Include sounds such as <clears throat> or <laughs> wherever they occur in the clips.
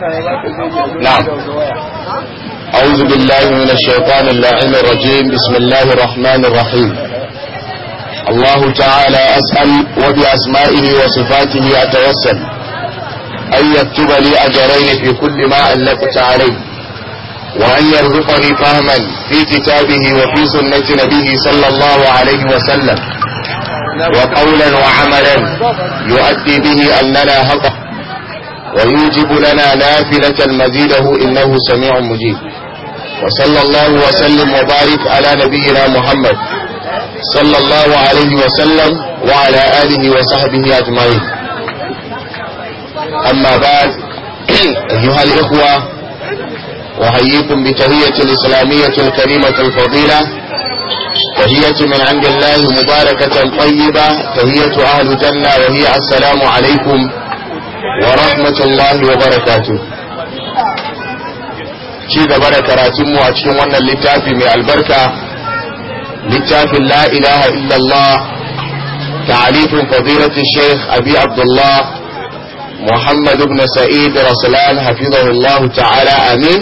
نعم أعوذ بالله من الشيطان اللعين الرجيم بسم الله الرحمن الرحيم الله تعالى أسأل وبأسمائه وصفاته أتوسل أن يكتب لي أجرين في كل ما ألفت عليه وأن يرزقني فهما في كتابه وفي سنة نبيه صلى الله عليه وسلم وقولا وعملا يؤدي به أننا هطأ ويوجب لنا نافلة مزيده إنه سميع مجيب وصلى الله وسلم وبارك على نبينا محمد صلى الله عليه وسلم وعلى آله وصحبه أجمعين أما بعد أيها الإخوة وهيكم بتهية الإسلامية الكريمة الفضيلة تهية من عند الله مباركة طيبة تهية أهل جنة وهي السلام عليكم ورحمة الله barakatu ci gaba da karatun mu a cikin wannan littafi mai albarka littafin la ilaha illallah ta'alifin fadilati sheikh abi abdullah muhammad ibn sa'id rasulan hafizahullahu ta'ala amin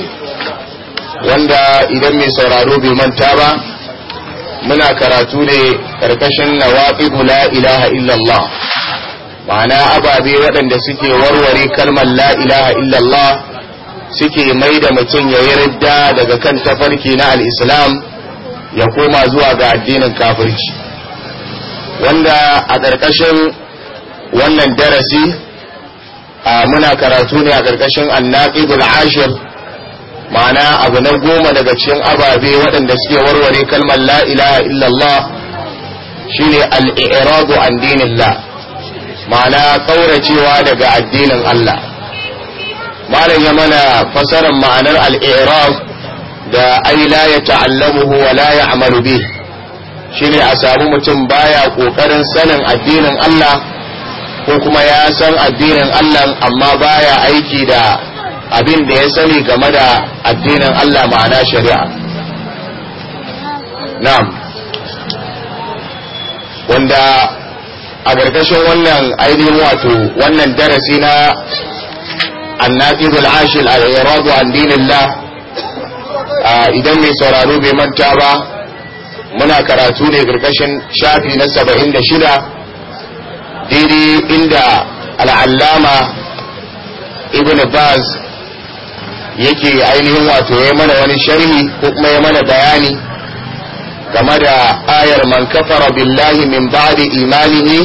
wanda idan mai sauraro bai manta ba muna karatu ne karkashin nawaqib la ilaha illallah ma'ana ababe waɗanda suke warware kalmar la ilaha illallah suke mai da mutum ya yi ridda daga kan tafarki na al'islam ya koma zuwa ga addinin kafirci wanda a ƙarƙashin wannan darasi a muna karatu ne a ƙarƙashin annaƙidul ashir ma'ana abu na goma daga cikin ababe waɗanda suke warware kalmar la ilaha illallah shine al-i'radu an dinillah ma'ana kauracewa daga addinin Allah malam ya mana fasarar ma'anar al-i'rab da ai la ya ta'allamuhu wa la ya'malu bi shine a samu mutum baya kokarin sanin addinin Allah ko kuma ya san addinin Allah amma baya aiki da abin da ya sani game da addinin Allah ma'ana shari'a na'am wanda a ƙarƙashin wannan ainihin wato wannan darasi na annaqid ashil al-iradu an dinillah idan mai sauraro bai manta ba muna karatu ne ƙarƙashin shafi na 76 daidai inda al'allama ibn baz yake ainihin wato ya mana wani sharhi ko kuma ya mana bayani كما da ayar man kafara billahi min ba'di imanihi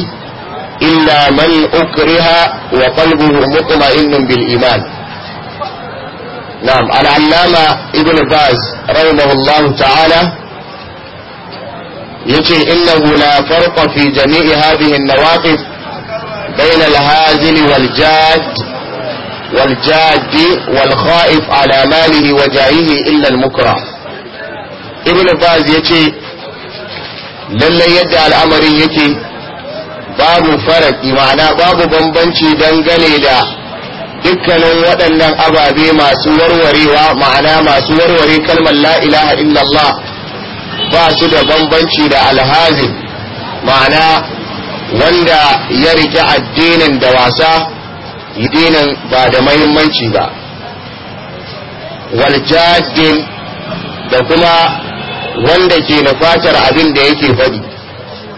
illa man ukriha wa qalbuhu mutma'innun bil iman نعم العلامة ابن باز رحمه الله تعالى يجي إنه لا فرق في جميع هذه النواقف بين الهازل والجاد والجاد والخائف على ماله وجائه إلا المكره ibn baz yace ce lallai yadda al'amarin yake babu faraki ma'ana babu bambanci dangane da dukkanin waɗannan ababe masu warwarewa ma'ana masu warware kalmar la ilaha illallah ba su da bambanci da alhazin ma'ana wanda ya rike addinin da wasa addinin ba da mahimmanci ba waljadin da kuma wanda ke nufatar abin da yake faɗi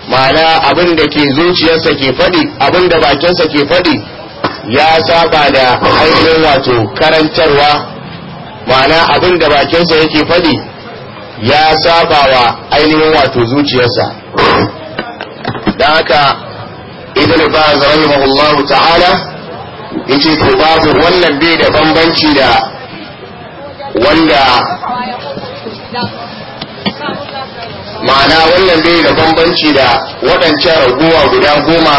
ma'ana abin da ke zuciyarsa ke faɗi abin da bakinsa ke faɗi ya saba da ainihin wato karantarwa ma'ana abin da bakinsa yake faɗi ya saba wa ainihin wato zuciyarsa da haka ba a baz rahimahullahu ta'ala yace ko babu wannan bai da bambanci da wanda ma'ana wannan bai da bambanci da waɗancan raguwa guda goma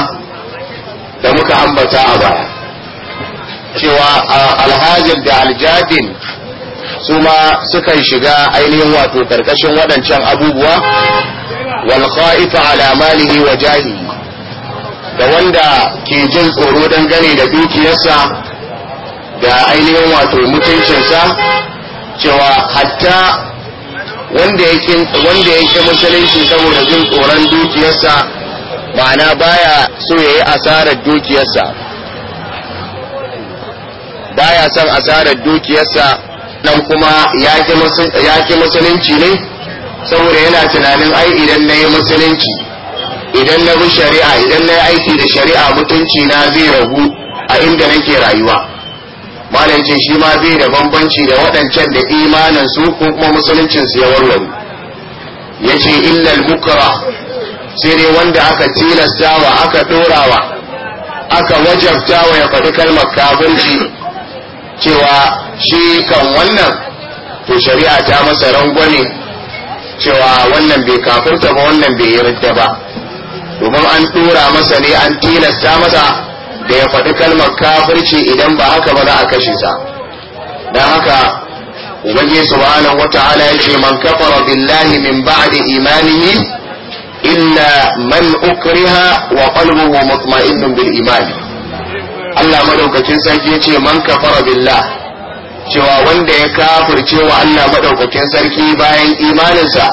da muka ambata a baya cewa alhajin da aljabin su ma sukan shiga ainihin wato ƙarƙashin waɗancan abubuwa wal kha'ifa ala malihi wa jahi da wanda ke jin tsoro gane da dukiyarsa da ainihin wato mutuncinsa cewa hatta wanda yake wanda yake musulunci saboda jin tsoron dukiyarsa ma'ana baya so yayi asarar dukiyarsa baya son asarar dukiyarsa nan kuma ya ki musulunci ne saboda yana tunanin ai idan na yi musulunci idan na bi shari'a idan na yi aiki da shari'a mutunci na zai ragu a inda nake rayuwa malamci shi ma zai da bambanci da waɗancan da imanin su ko kuma musuluncin su ya warware yace illal mukara sai dai wanda aka tilastawa aka dorawa aka wajabtawa ya faɗi kalmar kafirci cewa shi kan wannan to shari'a ta masa rangwame cewa wannan bai kafirta ba wannan bai yarda ba domin an dora masa ne an tilasta masa da ya faɗi kalmar kafirci idan ba haka ba za a kashe sa dan haka ubangiji subhanahu wata'ala yake man kafara billahi min ba'di imanihi illa man ukriha wa qalbuhu mutma'innun bil iman Allah madaukakin sarki yace man kafara billah cewa wanda ya kafirce wa Allah madaukakin sarki bayan imaninsa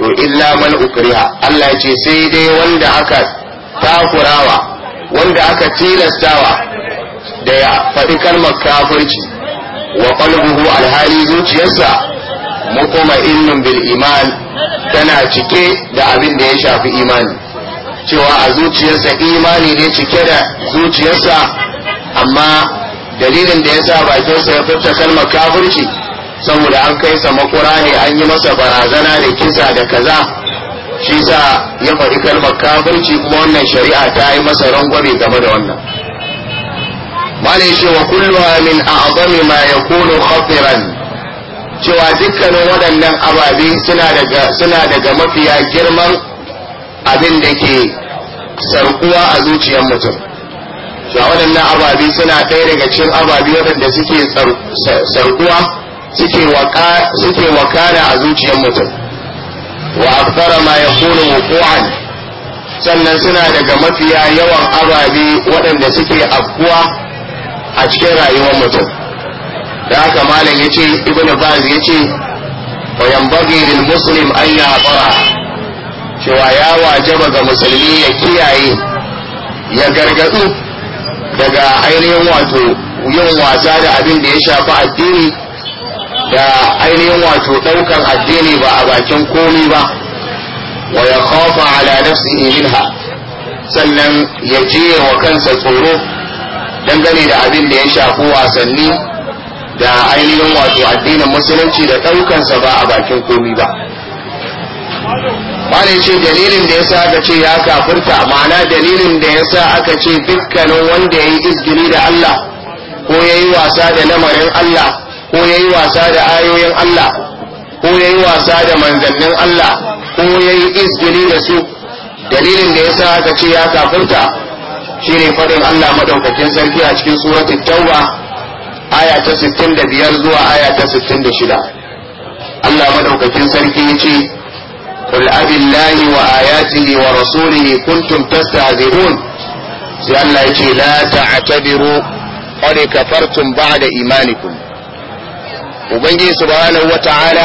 to illa man ukriha Allah yace sai dai wanda aka takurawa wanda aka tilastawa da ya faɗi kalmar kafirci wa qalbuhu alhali zuciyarsa mukoma innun bil iman tana cike da abin da ya shafi imani cewa a zuciyarsa imani ne cike da zuciyarsa amma dalilin da ya sa bakinsa ya fitta kalmar kafirci saboda an kai sa makura ne an yi masa barazana da kisa da kaza shi sa ya faɗi kalmar kafirci kuma wannan shari'a ta yi masa rangwame game da wannan malai cewa kulluwa min a'zami ma ya yakunu khatiran cewa dukkanin waɗannan ababe suna daga mafiya girman abin da ke sarkuwa a zuciyar mutum cewa waɗannan ababe suna ɗaya daga cikin ababe waɗanda suke sarkuwa suke wakana a zuciyar mutum wa akthara ma yakunu wuqu'an sannan suna daga mafiya yawan ababe waɗanda suke afkuwa a cikin rayuwar mutum da haka malam yace ibnu baz yace wa yanbaghi lil muslim an yaqra cewa ya wajaba ga musulmi ya kiyaye ya gargadu daga ainihin wato yin wasa da abin da ya shafi addini da ainihin wato ɗaukan addini ba a bakin komi ba wa ya khafa ala nafsihi minha sannan ya je wa kansa tsoro dangane da abin da ya shafi wasanni da ainihin wato addinin musulunci da ɗaukansa ba a bakin komi ba wani ce dalilin da yasa aka ce ya kafirta ma'ana dalilin da yasa aka ce dukkanin wanda ya yi izgiri da Allah ko ya yi wasa da lamarin Allah ko ya yi wasa da ayoyin Allah ko yayi wasa da manzannin Allah ko yayi izgili da su dalilin da yasa aka ce ya shi ne faɗin Allah maɗaukakin sarki a cikin suratul tauba aya ta biyar zuwa aya ta shida. Allah maɗaukakin sarki yace قل أبي الله وآياته ورسوله كنتم تستهزئون سأل لا تعتبروا قد كفرتم بعد إيمانكم ubangiji subhanahu wata'ala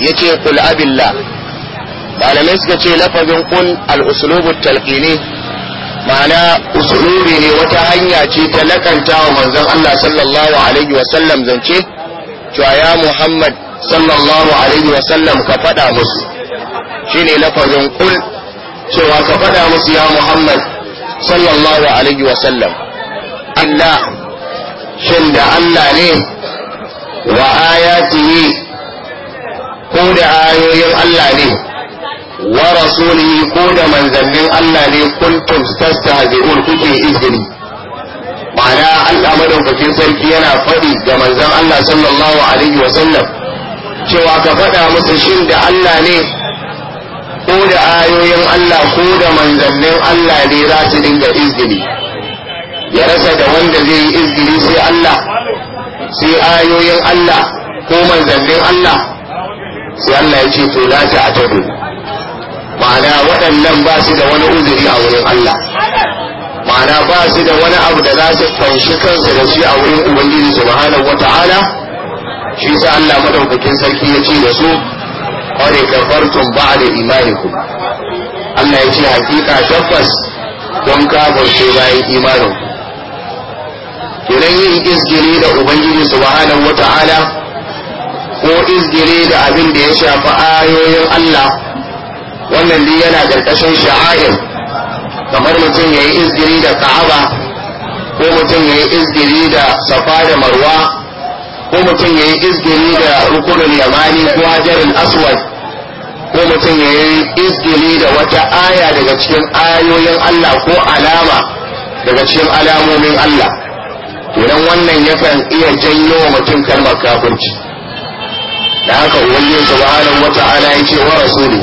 yace qul abillah malamai suka ce lafazin kun al-uslubu talqini ma'ana usulubi ne wata hanya ce ta lakanta wa manzon Allah sallallahu alaihi wa sallam zance cewa ya Muhammad sallallahu alaihi wa sallam ka fada musu shine lafazin kul cewa ka fada musu ya Muhammad sallallahu alaihi wa sallam Allah shin da Allah ne wa ayatihi ko da ayoyin Allah ne wa rasulihi ko da manzannin Allah ne kuntum tastahzi'un kuke izini ma'ana Allah madaukakin sarki yana faɗi ga manzon Allah sallallahu alaihi wa sallam cewa ka faɗa musu shin da Allah ne ko da ayoyin Allah ko da manzannin Allah ne za su dinga izini ya rasa da wanda zai yi izini sai Allah sai ayoyin Allah ko manzannin Allah sai Allah ya ce to la atadu ma'ana waɗannan ba su da wani uzuri a wurin Allah ma'ana ba su da wani abu da za su fanshi kansu da shi a wurin Ubangiji subhanahu wata'ala shi sa Allah madaukakin sarki ya ce da su qad kafartum ba'da imanikum Allah ya ce hakika tabbas don ka kafirce bayan imanin idan yin izgiri da ubangiji subhanahu wata'ala ko izgiri da abin da ya shafi ayoyin Allah wannan dai yana karkashin sha'air kamar mutum yayi izgiri da Ka'aba ko mutum yayi izgiri da Safa da Marwa ko mutum yayi izgiri da rukunul yamani ko hajarul aswad ko mutum yayi izgiri da wata aya daga cikin ayoyin Allah ko alama daga cikin alamomin Allah idan wannan yakan iya janyo wa mutum kalmar kafirci da haka ubangiji subhanahu wata'ala ya ce wa rasuli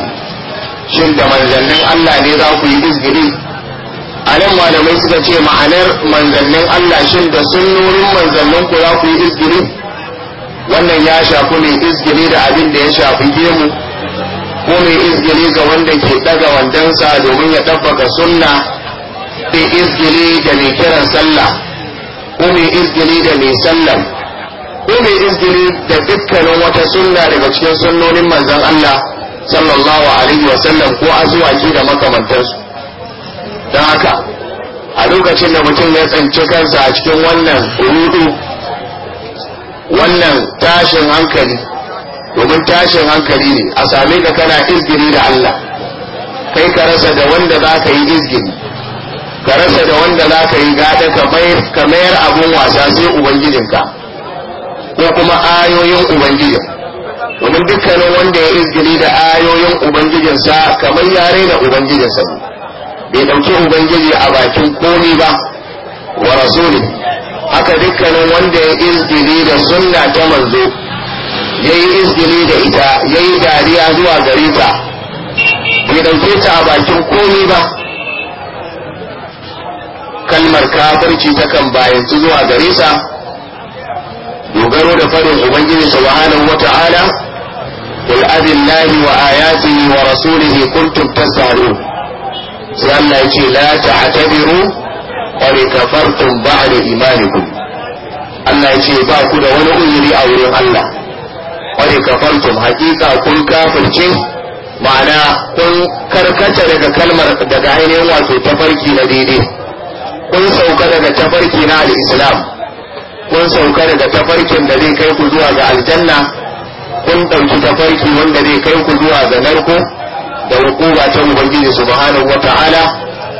shin da manzannin Allah ne za ku yi izgiri a nan malamai suka ce ma'anar manzannin Allah shin da sunnonin manzannin ku za ku yi izgiri wannan ya shafi mai izgiri da abin da ya shafi gemu ko mai izgiri ga wanda ke daga wandansa domin ya ɗabbaka sunna mai izgiri da mai kiran sallah ko mai da mai sallam ko mai da dukkanin wata sunna daga cikin sunnonin manzon Allah sallallahu alaihi wa sallam ko azuwaki da makamantarsu don haka a lokacin da mutum ya tsinci kansa a cikin wannan rudu wannan tashin hankali domin tashin hankali ne a same ka kana izgiri da Allah kai ka rasa da wanda za ka yi izgiri ka rasa da wanda za ka yi gada ka mayar abin wasa sai ubangijinka ko kuma ayoyin ubangijin domin dukkanin wanda ya izgiri da ayoyin ubangijinsa kamar yare da ubangijinsa bai ɗauki ubangiji a bakin komi ba wa rasuli haka dukkanin wanda ya izgiri da sunna ta manzo ya yi izgiri da ita ya yi dariya zuwa gari ta bai ɗauke ta a bakin komi ba kalmar kafirci bayan su zuwa gare sa dogaro da farin ubangiji subhanahu wata'ala qul abillahi wa ayatihi wa rasulihi kuntum tasahun sai Allah yake la ta'tabiru qad kafartum ba'da imanikum Allah yake ba ku da wani uzuri a wurin Allah qad kafartum hakika kun kafirce ma'ana kun karkata daga kalmar daga ainihin wato tafarki na daidai kun sauka daga tafarki na al'islam kun sauka daga tafarkin da zai kai ku zuwa ga aljanna kun ɗauki tafarki wanda zai kai ku zuwa ga narko da hukuma ta ubangiji subhanahu ta'ala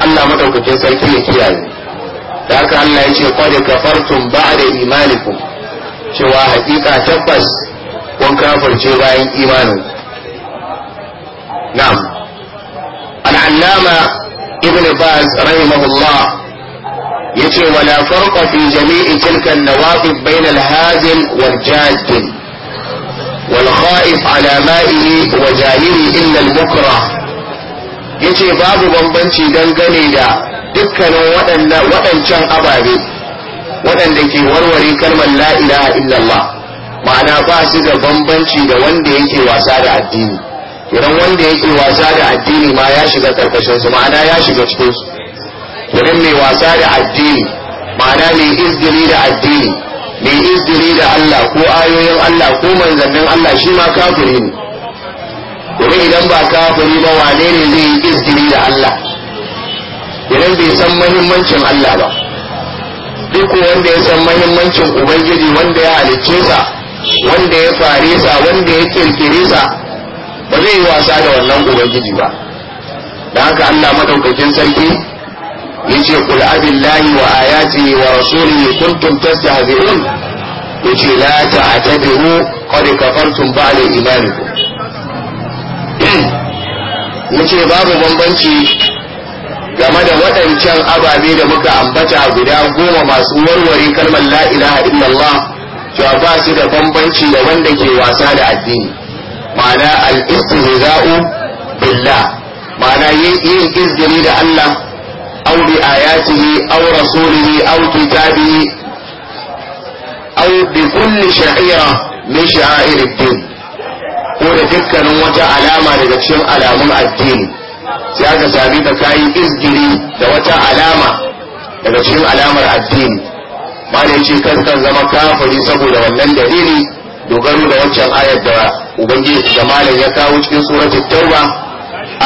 Allah madaukakin sarki ya kiyaye da haka Allah ya ce qad ba da imanikum cewa hakika tabbas kun kafarce bayan imanin na'am al-allama ibn baz rahimahullah yace wala farqa fi jami'i tilka an-nawaqib bayna al-hazil wal-jazil wal wa jahili illa al-bukra yace babu bambanci dangane da dukkanin waɗancan ababe waɗanda ke warware kalmar la ilaha illallah ma'ana ba su da bambanci da wanda yake wasa da addini idan wanda yake wasa da addini ma ya shiga karkashin ma'ana ya shiga cikin domin mai wasa da addini ma'ana mai izgiri da addini mai izgiri da Allah ko ayoyin Allah ko manzannin Allah shi ma kafiri ne domin idan ba kafiri ba wane ne zai yi izgiri da Allah idan bai san mahimmancin Allah ba duk wanda ya san mahimmancin ubangiji wanda ya halicce sa wanda ya fare sa wanda ya kirkire sa ba zai yi wasa da wannan ubangiji ba da haka Allah madaukakin sarki yace qul abillahi wa ayati wa rasulihi kuntum tastahzi'un yace la ta'tadiru qad kafartum ba'da imanikum <clears throat> yace babu bambanci game da waɗancan ababe da muka ambata guda goma masu warware kalmar la ilaha illallah cewa ba su da bambanci da wanda ke wasa da addini ma'ana al-istihza'u billah ma'ana yin izgiri da Allah أو بآياته أو رسوله أو كتابه أو بكل شعيرة من شعائر الدين ولا تذكر وجه علامة لتشير علام الدين سيادة سابقة كاي إزجري دوتا علامة لتشير علامة الدين ما ليشي كذكر زمكا كافري سبو لولن دليلي dogaro da waccan ayar da ubangiji da malam ya kawo cikin suratul tauba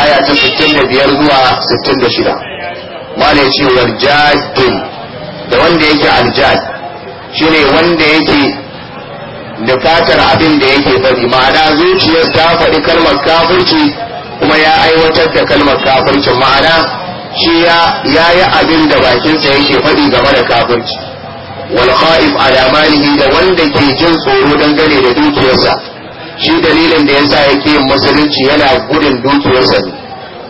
aya ta 65 zuwa 66 wanda ya ce warjajin da wanda yake aljaj shi ne wanda yake nufatar abin da yake faɗi ma'ana zuciyar ta faɗi kalmar kafirci kuma ya aiwatar da kalmar kafirci ma'ana shi ya yi abin da bakinsa yake faɗi game da kafirci wal kha'if ala da wanda ke jin tsoro gane da dukiyarsa shi dalilin da yasa yake yin musulunci yana gudun dukiyarsa ne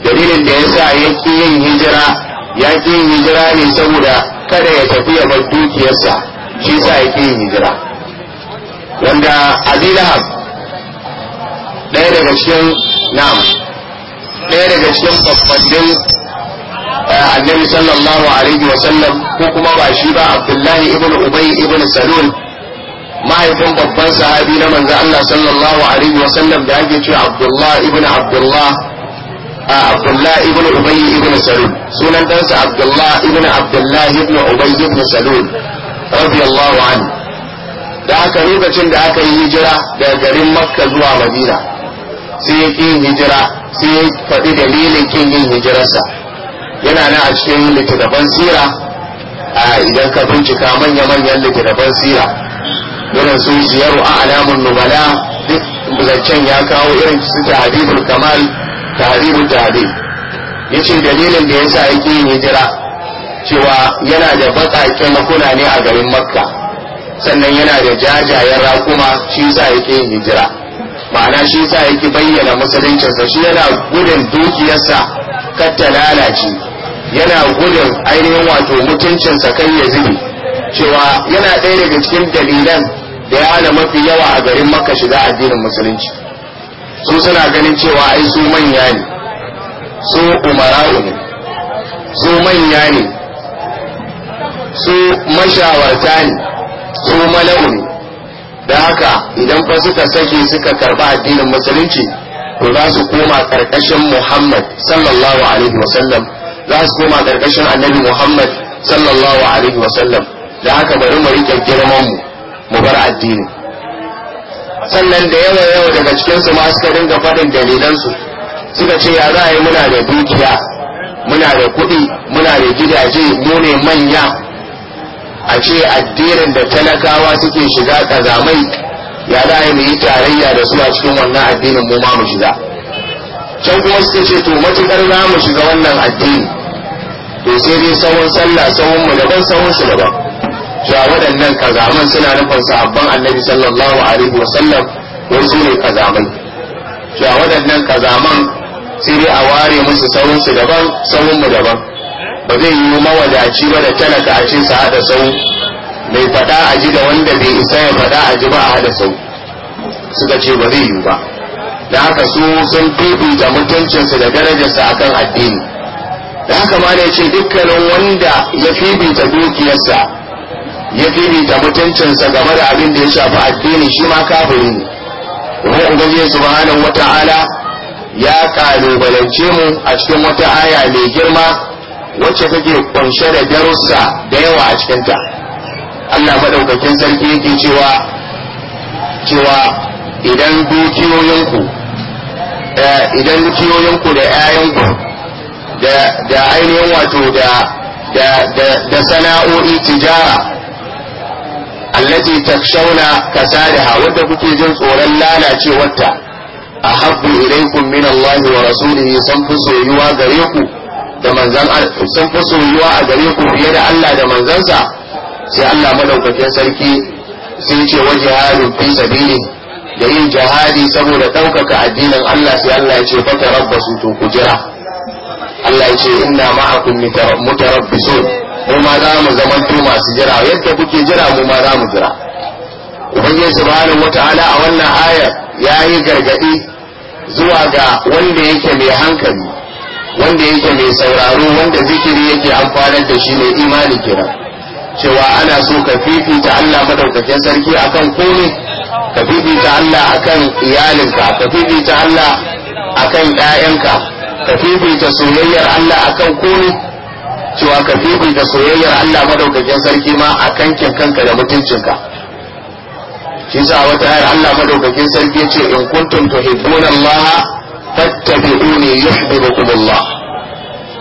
dalilin da yasa yake yin hijira ya ƙi hijira ne saboda kada ya tafi ya bar dukiyarsa shi sa ya ƙi hijira wanda abi lahab ɗaya daga cikin na'am ɗaya daga cikin babbannin eh, annabi sallallahu alaihi wa sallam ko kuma ba shi ba abdullahi ibn ubay ibn salul mahaifin babban sahabi na manzo Allah sallallahu alaihi wa sallam da ake cewa Abdullahi ibn abdullah Abdullah ibn Ubay ibn Salul sunan dansa Abdullah ibn Abdullah ibn Ubay ibn Salul radiyallahu an da aka lokacin da aka yi hijira daga garin Makka zuwa Madina sai ya hijira sai ya faɗi dalilin kin yin hijirarsa yana nan a cikin littattafan sira a idan ka bincika manya-manyan littattafan sira irin su ziyaru a alamun nubala duk zancen ya kawo irin su ta hadithul kamal mutane ya yace dalilin da ya yasa yake yin hijira cewa yana da baƙaƙen kunane ne a garin makka sannan yana da jajayen raƙuma shi sa yake yin hijira ma'ana shi sa yake bayyana musuluncinsa shi yana gudun dukiyarsa kar ta lalace yana gudun ainihin wato mutuncinsa kai ya zubi cewa yana ɗaya daga cikin dalilan da ya hana mafi yawa a garin makka shiga addinin musulunci su suna ganin cewa ai su manya ne su umara ne su manya ne su mashawarta ne su mala'u ne da haka idan fa suka sake suka karba addinin musulunci to za su koma karkashin Muhammad sallallahu alaihi wasallam za su koma karkashin annabi Muhammad sallallahu alaihi wasallam da haka bari mu rike girman mu mu bar addini sannan da yawa yawa daga cikinsu masu karin dinga faɗin dalilansu suka ce ya za yi muna da dukiya muna da kuɗi muna da gidaje mu manya a ce addinin da talakawa suke shiga kazamai ya za mu yi tarayya da su a cikin wannan addinin mu ma mu shiga can kuma suka ce to matuƙar za mu shiga wannan addini to sai dai tsawon sallah sawon mu daban tsawon su daban cewa waɗannan kazaman suna nufin sahabban annabi sallallahu alaihi wa sallam ko su ne kazamai cewa waɗannan kazaman sai dai a ware musu sauran su daban sauran mu daban ba zai yi mawadaci ba da talaka a ce sa da sau mai faɗa a ji da wanda bai isa ya faɗa a ji ba a hada sau suka ce ba zai yi ba da haka su sun fifita mutuncinsu da darajarsa akan addini da haka ma ne ce dukkanin wanda ya fifita dukiyarsa ya bibita mutuncinsa game da abin da ya shafi addini shi ma kafiri ne kuma ubangiji subhanahu wata'ala ya kalubalance mu a cikin wata aya mai girma wacce take kunshe da darussa da yawa a cikinta Allah madaukakin sarki yake cewa cewa idan dukiyoyinku eh, idan dukiyoyinku da 'ya'yanku da ainihin wato da da sana'o'i tijara allati takshawna kasadaha wadda kuke jin tsoron lalacewarta ta a min Allah wa rasulihi san fi soyuwa gare ku da san fi soyuwa a gare ku fiye da Allah da manzansa sai Allah madaukakin sarki sai ce wajihadin fi sabili da yin jihadi saboda ɗaukaka addinin Allah sai Allah ya ce fata rabbasu to ku jira Allah ya ce inna ma'akum mutarabbisun mu ma za mu zaman zamanto masu jira yadda kuke jira mu ma za mu jira ubangiji subhanahu wataala a wannan ayar yayi gargadi zuwa ga wanda yake mai hankali wanda yake mai sauraro wanda zikiri yake amfanar da shi ne imani kira cewa ana so ka fifita Allah madaukakin sarki akan komai ka fifita Allah akan iyalinka ka fifita Allah akan ɗayanka ka fifita soyayyar Allah akan komai cewa ka fifita soyayyar Allah madaukakin sarki ma a kankin kanka da mutuncinka shi sa wata ayar Allah madaukakin sarki ce in kuntum tuhibbuna Allah fattabi'uni yuhibbukum Allah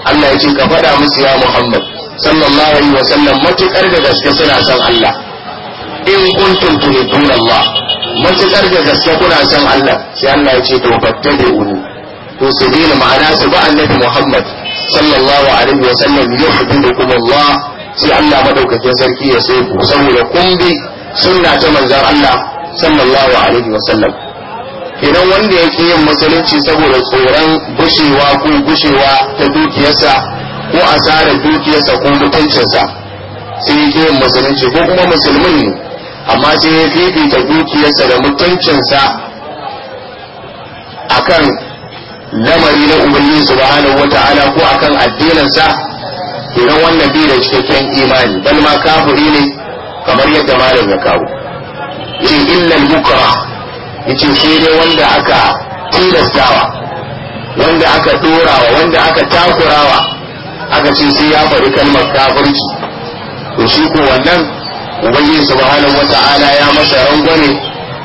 Allah ya ce ka faɗa musu ya Muhammad sallallahu alaihi wa sallam matukar da gaske suna son Allah in kuntum tuhibbuna ma. matukar da gaske kuna son Allah sai Allah ya ce to fattabi'uni to su bi ma'ana su ba annabi Muhammad sallallahu alaihi wa sallam yuhibbukum Allah sai Allah madaukakin sarki ya so ku saboda kun bi sunna ta manzon Allah sallallahu alaihi wa sallam idan wanda yake yin musulunci saboda tsoron gushewa ko gushewa ta dukiyarsa ko asarar dukiyarsa ko mutuncinsa sai yake yin musulunci ko kuma musulmin ne amma sai ya fifita dukiyarsa da mutuncinsa akan lamari na ubangiji subhanahu wata'ala ko akan addininsa idan wannan bai da cikakken imani bal ma kafiri ne kamar yadda malam ya kawo yace illa mukra yace sai dai wanda aka tilastawa wanda aka dorawa wanda aka takurawa aka ce sai ya faɗi kalmar kafirci to shi ko wannan ubangiji subhanahu wata'ala ya masa rangwane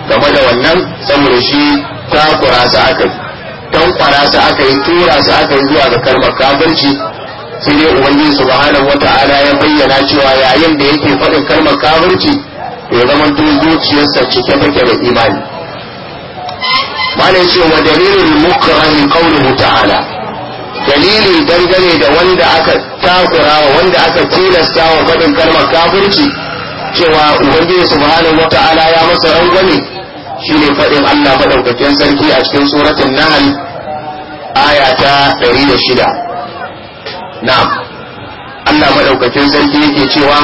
game da wannan saboda shi takura sa aka yi tankwara su aka yi tura su aka yi zuwa ga kalmar kafirci sai dai ubangiji subhanahu wata'ala ya bayyana cewa yayin da yake faɗin kalmar kafirci ya zama to zuciyarsa cike take da imani malai ce wa dalilin mukrahi qawluhu ta'ala dalili dangane da wanda aka takura wanda aka tilasta wa faɗin kalmar kafirci cewa ubangiji subhanahu wata'ala ya masa rangwame shine faɗin Allah madaukakin sarki a cikin suratul nahl aya ta 106 na'am Allah madaukakin sarki yake cewa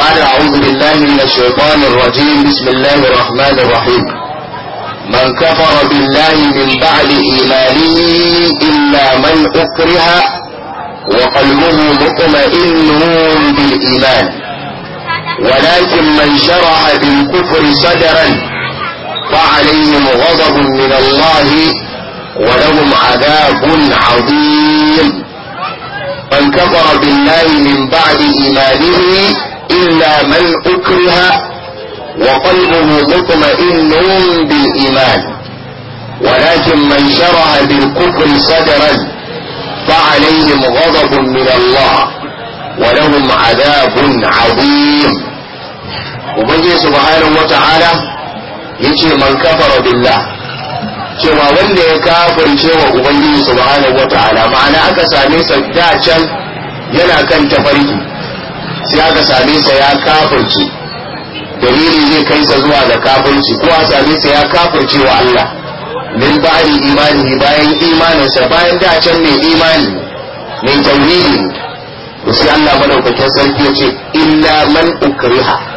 بعد أعوذ بالله من الشيطان الرجيم بسم الله الرحمن الرحيم من كفر بالله من بعد إيمانه إلا من أكره وقلبه مطمئن بالإيمان ولكن من شرح بالكفر صدرا فعليهم غضب من الله ولهم عذاب عظيم من كفر بالله من بعد إيمانه إلا من أكره وقلبه مطمئن بالإيمان ولكن من شرح بالكفر صدرا فعليهم غضب من الله ولهم عذاب عظيم وبنجي سبحانه وتعالى يجي من كفر بالله cewa wanda ya kafirce wa ubangiji subhanahu wata'ala ma'ana aka same sa da can yana kan tafarki sai aka same sa ya kafirce dalili zai kai sa zuwa ga kafirci ko a same sa ya kafirce wa Allah min ba'di imani bayan imaninsa bayan da can mai imani mai tauhidi sai Allah madaukakin sarki ya ce illa man ukriha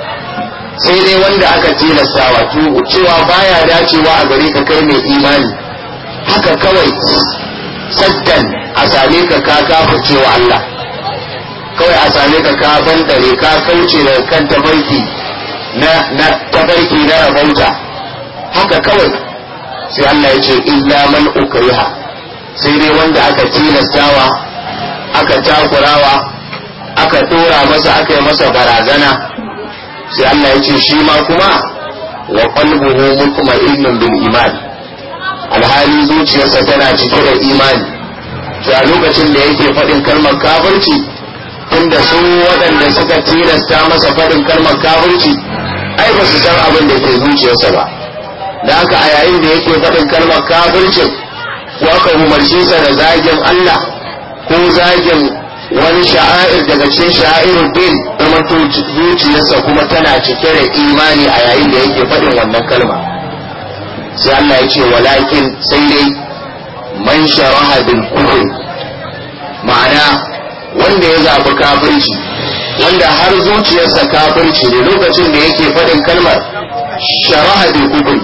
sai dai wanda aka tilasta wato cewa baya dacewa a gare ka kai mai imani haka kawai saddan a same ka ka kafa cewa Allah kawai a same ka ka bandare ka kauce da kan tabarki na na tabarki na rabauta haka kawai sai Allah ya ce illa man ukriha sai dai wanda aka tilastawa aka takurawa aka dora masa aka yi masa barazana sai Allah ya ce shi ma kuma wa qalbuhu mutma'innun bil iman alhali zuciyarsa tana cike da imani sai a lokacin da yake faɗin kalmar kafirci tunda su waɗanda suka tilasta masa faɗin kalmar kafirci ai ba su san abin da ke zuciyarsa ba da haka a yayin da yake faɗin kalmar kafircin ko aka umarce sa da zagin Allah ko zagin wani sha'air daga cikin sha'airun din kuma zuciyarsa kuma tana cike da imani a yayin da yake faɗin wannan kalma sai Allah ya ce walakin sai dai man sharaha bil kufr ma'ana wanda ya zaɓi kafirci wanda har zuciyarsa kafirci ne lokacin da yake faɗin kalmar sharaha bil kufr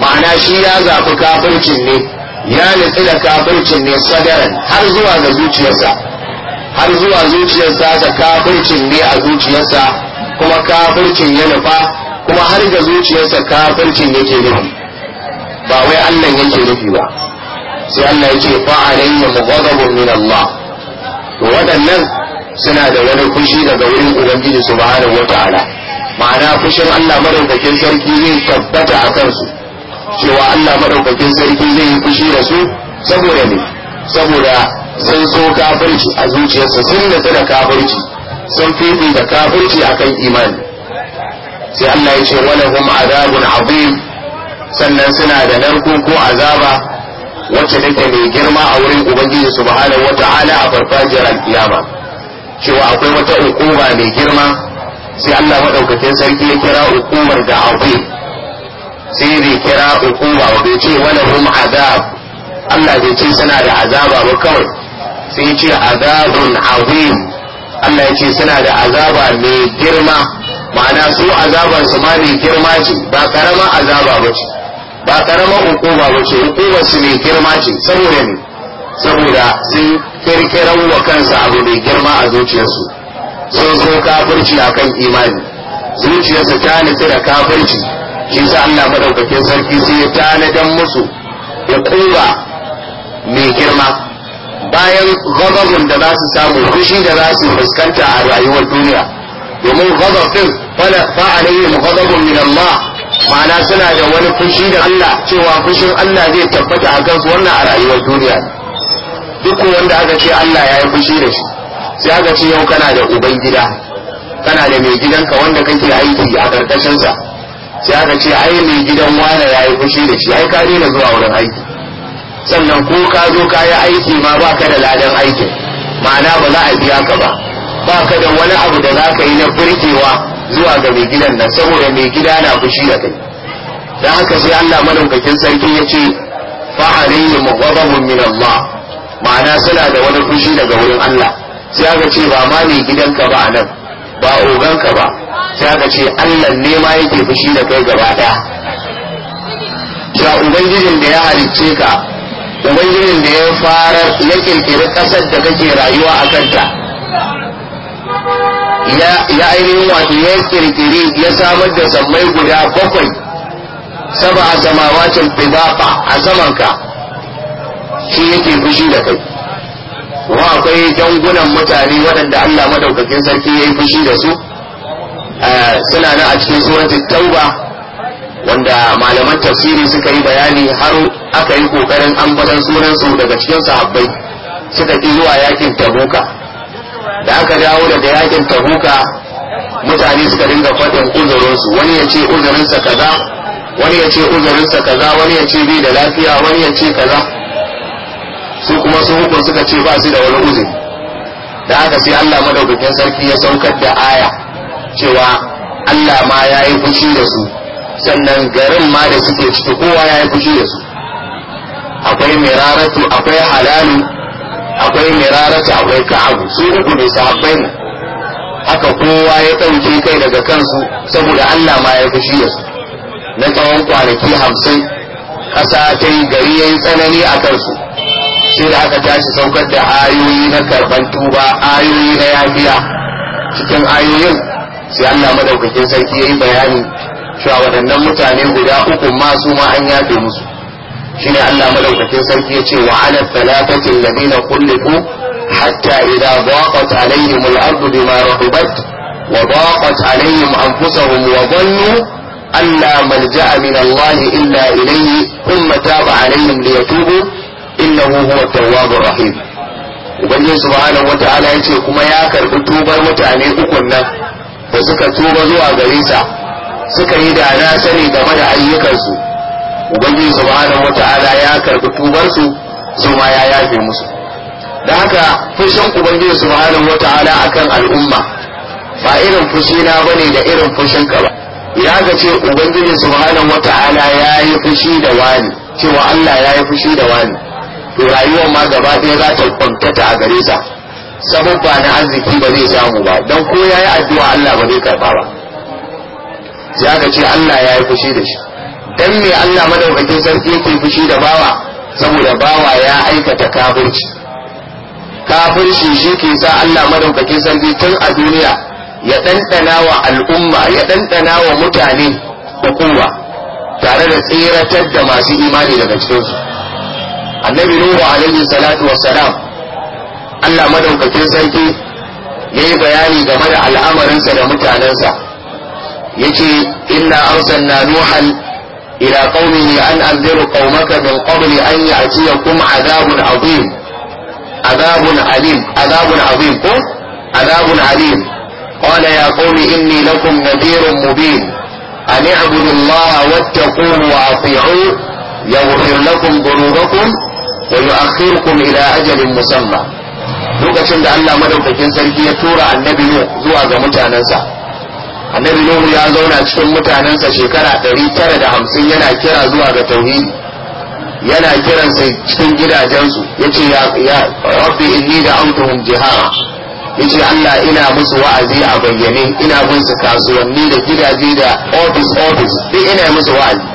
ma'ana shi ya zaɓi kafircin ne ya nitsi da kafircin ne sadaran har zuwa ga zuciyarsa har zuwa zuciyarsa ta kafircin ne a zuciyarsa kuma kafircin ya nufa kuma har ga zuciyarsa kafircin yake nufi ba wai Allah yake nufi ba sai Allah yake fa alayya mughadabun min Allah to waɗannan suna da wani fushi daga wurin ubangiji subhanahu wataala ma'ana fushin Allah madaukakin sarki zai tabbata a kansu cewa Allah madaukakin sarki zai yi fushi da su saboda ne saboda sun so kafirci a zuciyarsa sun nutsu da kafirci sun fifi da kafirci kan imani sai Allah ya ce walahum azabun azim sannan suna da narko ko azaba wacce take mai girma a wurin ubangiji wata ala a farfajiyar alkiyama cewa akwai wata hukuma mai girma sai Allah madaukakin sarki ya kira hukumar da azim sai bai kira hukuma ba bai ce walahum azab Allah bai ce suna da azaba ba kawai sai ce azabun azim Allah ya ce suna da azaba mai girma ma'ana su azaban su ma mai girma ce ba karama azaba ba ce ba karama hukuma ba ce hukuma su mai girma ce saboda ne saboda sun kirkiran wa kansu abu mai girma a zuciyarsu sun zo kafirci kan imani zuciyarsu ta nufi da kafirci shi sa Allah madaukakin sarki sai ya tanadan musu ya kowa mai girma bayan gazabun da za su samu fushi da za su fuskanta a rayuwar duniya domin gazab din fala fa alaihim gazabun min Allah ma'ana suna da wani fushi da Allah cewa fushin Allah zai tabbata a kansu wannan a rayuwar duniya duk wanda aka ce Allah ya yi fushi da shi sai aka ce yau kana da uban gida kana da mai gidanka wanda kake aiki a karkashinsa sai aka ce ai mai gidan wane ya yi fushi da shi ai ka daina zuwa wurin aiki sannan ko ka zo ka yi aiki ma ba ka da ladan aikin ma'ana ba za a biya ka ba ba ka da wani abu da za ka yi na birkewa zuwa ga mai gidan nan saboda mai gida na fushi da kai dan haka sai Allah madaukakin sarki ya ce fa alayhi mughadabun min Allah ma'ana suna da wani fushi daga wurin Allah sai aka ce ba ma mai gidanka ba a nan ba oganka ba sai aka ce Allah ne ma yake fushi da kai gaba daya ubangijin da ya halicce ka ubangijin da ya fara ya kirkiri ƙasar da kake rayuwa a kanta ya ainihin wato ya kirkiri ya samar da sammai guda bakwai saba a samawacin bidafa a samanka shi yake fushi da kai wa akwai dangunan mutane waɗanda Allah madaukakin sarki ya yi fushi da su eh, suna nan a cikin suratul tauba wanda malaman tafsiri suka yi bayani har aka yi kokarin sunan sunansu daga cikin sahabbai suka ki zuwa yakin tabuka da aka dawo daga yakin tabuka mutane suka dinga faɗin uzurinsu wani ya ce uzurinsa kaza wani ya ce uzurinsa kaza wani ya ce bai da lafiya wani ya ce kaza su kuma su hukun suka ce ba su da wani uzuri da aka sai Allah madaukakin sarki ya saukar da aya cewa Allah ma ya yi fushi da su sannan garin ma da suke ciki kowa ya yi fushi da su akwai miraratu akwai halalu akwai miraratu akwai ka'abu su uku ne sahabbai ne haka kowa ya ɗauke kai daga kansu saboda Allah ma ya fushi da su na tsawon kwanaki hamsin ƙasa ta yi gari ya yi tsanani a kansu sai da aka tashi saukar da ayoyi na karɓar tuba ayoyi na yafiya cikin ayoyin sai Allah madaukakin sarki ya yi bayani cewa waɗannan mutane guda uku masu ma an yafe musu shine Allah madaukakin sarki ya ce wa ala thalathati alladhina khuliqu hatta idza daqat alaihim al-ard bima rahabat wa daqat alaihim anfusuhum wa dhannu an la malja'a min Allah illa ilayhi thumma taba alaihim liyatubu innahu huwa at-tawwabur rahim ubangiji subhanahu wata'ala yace kuma ya karbi tubar mutane ukun nan da suka tuba zuwa gare sa suka yi da na sani game da ayyukansu ubangiji subhanahu wata'ala ya karbi tubarsu su ma ya yafe musu da haka fushin ubangiji subhanahu wata'ala akan al'umma ba irin fushi na bane da irin fushin ka ba ya ga ce ubangiji subhanahu wata'ala ya yi fushi da wani cewa Allah ya yi fushi da wani to rayuwar ma gaba ɗaya za ta kwantata a gare sa sabon ba na arziki ba zai samu ba don ko ya yi addu'a Allah ba zai karɓa ba Za ka ce Allah ya yi fushi da shi dan me Allah madaukakin sarki ke fushi da bawa saboda bawa ya aikata kafirci kafirci shi ke sa Allah madaukakin sarki tun a duniya ya ɗanɗana wa al'umma ya ɗanɗana wa mutane hukuma tare da tseratar da masu imani daga cikin su. annabi nuhu alaihi salatu wassalam Allah madaukakin sarki yayi bayani game da al'amarin sa da mutanensa yace inna arsalna nuhan ila qaumihi an anziru qaumaka min qabli an ya'tiyakum adhabun azim adhabun alim adhabun azim ko adhabun alim qala ya qaumi inni lakum nadhirun mubin an i'budu allaha wattaquhu wa ati'u yaghfir lakum dhunubakum wa yu'akhirukum ila ajalin musamma lokacin da Allah madaukakin sarki ya tura annabi zuwa ga mutanensa annabi nuhu ya zauna cikin mutanensa shekara ɗari tara da hamsin yana kira zuwa ga tauhidi yana kiransa cikin gidajensu yace ya ya rabbi inni amtuhum jihara yace Allah ina musu wa'azi a bayyane ina bin su kasuwanni da gidaje da office office duk ina musu wa'azi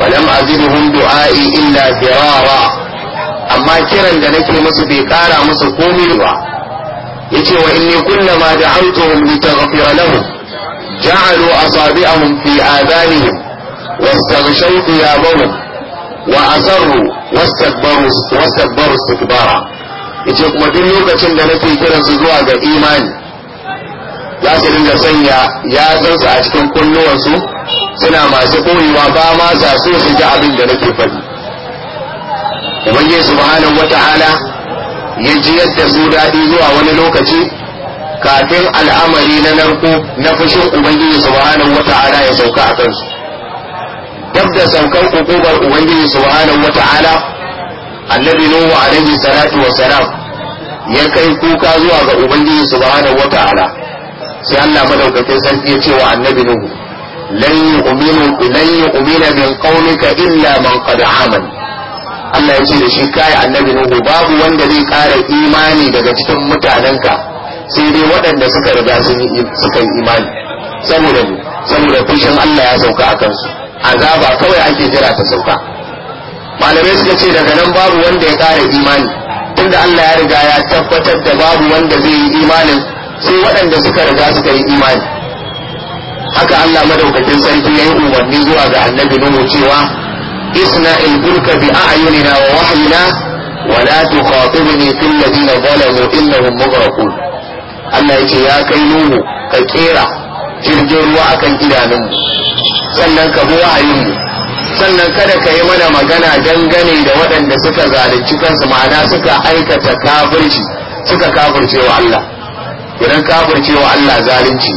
walam azibuhum du'ai illa firara amma kiran da nake musu bai kara musu komai ba yace wa inni kullama da'awtuhum litaghfira lahum جعلوا أصابعهم a آذانهم واستغشوا ثيابهم وأسروا واستكبروا واستكبروا استكبارا yace kuma duk lokacin da nake kiran su zuwa ga imani za su dinga sanya yatsunsu a cikin kunnuwansu suna masu koyewa ba ma sa so su ji abin da na ke faɗi ubangiji subhanahu wata'ala ya ji yadda su daɗi zuwa wani lokaci kafin al'amari na narko na fushin ubangiji subhanahu wata'ala ya sauka a kansu duk da saukar hukumar ubangiji subhanahu wata'ala annabi nuhu alaihi salatu wa salam ya kai kuka zuwa ga ubangiji subhanahu wata'ala sai Allah madaukakin sarki ya ce wa annabi nuhu lan yu'minu lan yu'mina min qaumika illa man qad amana Allah ya ce da shi kai annabi nuhu babu wanda zai kara imani daga cikin mutanenka sai dai waɗanda suka riga sun yi imani saboda saboda fushin Allah ya sauka a kansu azaba kawai ake jira ta sauka malamai suka ce daga nan babu wanda ya ƙara imani tunda Allah ya riga ya tabbatar da babu wanda zai yi imanin sai waɗanda suka riga suka yi imani haka Allah madaukakin sarki ya yi umarni zuwa ga annabi Nuhu cewa isna ilbulka bi a'yunina wa wahyina la tuqatibni في الذين ظلموا إنهم مغرقون Allah ya ce ya kai nuhu ka kera jirgin ruwa akan idanun sannan ka bi mu sannan kada ka yi mana magana dangane da waɗanda suka zalunci kansu ma'ana suka aikata kafirci suka kafirce wa Allah idan kafirce wa Allah zalunci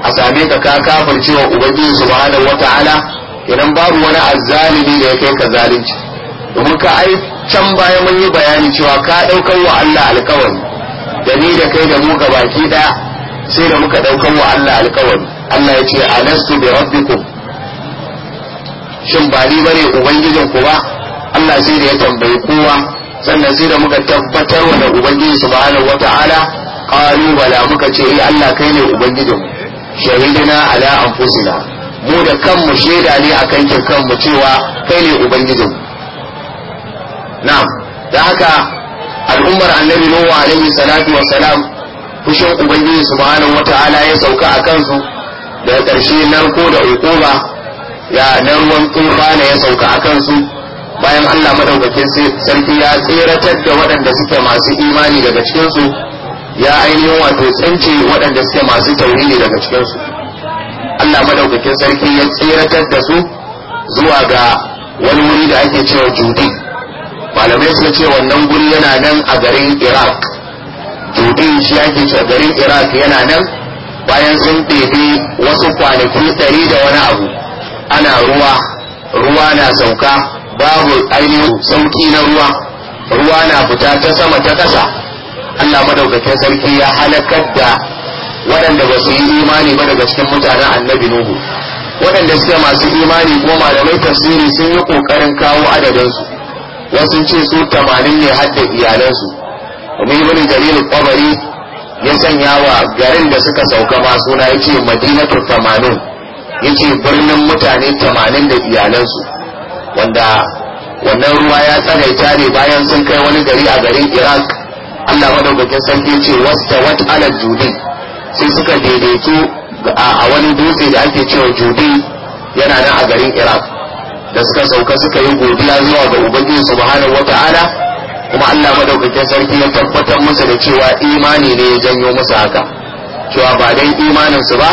a same ka ka kafirce wa ubangiji subhanahu wata'ala idan babu wani azzalimi da ya kai ka zalunci domin ka ai can baya mun yi bayani cewa ka daukar wa Allah alkawari da ni da kai da mu ga baki da sai da muka daukan wa Allah alkawari Allah ya ce alastu bi rabbikum shin ba ni bane ubangijin ku ba Allah sai da ya tambayi kowa sannan sai da muka tabbatar wa da ubangiji subhanahu wataala qalu bala muka ce eh Allah kai ne ubangijin mu shahidina ala anfusina mu da kanmu shaida ne akan kanmu cewa kai ne ubangijin na'am da haka al'ummar annabi nuhu alaihi salatu wa salam fushin ubangiji subhanahu ta'ala ya sauka a kansu da karshe narko da hukuma ya na ruwan ne ya sauka a kansu bayan Allah madaukakin sarki ya tseratar da waɗanda suke masu imani daga cikinsu ya ainihin wato tsance waɗanda suke masu tauhidi daga cikinsu Allah madaukakin sarki ya tseratar da su zuwa ga wani wuri da ake cewa judi malamai sun ce wannan guri yana nan a garin iraq dudin shi yake ce garin iraq yana nan bayan sun ɗebi wasu kwanaki ɗari da wani abu ana ruwa ruwa na sauka babu ainihin sauki na ruwa ruwa na fita ta sama ta ƙasa allah madaukakin sarki ya halakar da waɗanda ba su yi imani ba daga cikin mutanen annabi nuhu waɗanda suke masu imani kuma malamai tafsiri sun yi ƙoƙarin kawo adadinsu wasu ce su tamanin ne hadda iyalansu domin ibn jarir al-qabari ya sanya wa garin da suka sauka ma suna yace madinatu tamanin yace birnin mutane tamanin da iyalansu wanda wannan ruwa ya tsanaita ne bayan sun kai wani gari a garin iraq allah madaukakin sarki ce wasta wat ala judi sai suka daidaito a wani dutse da ake cewa judi yana nan a garin iraq da suka sauka suka yi godiya zuwa ga ubangiji subhanahu wata'ala kuma Allah madaukakin sarki ya tabbatar musu da cewa imani ne ya janyo musu haka cewa ba dan imanin su ba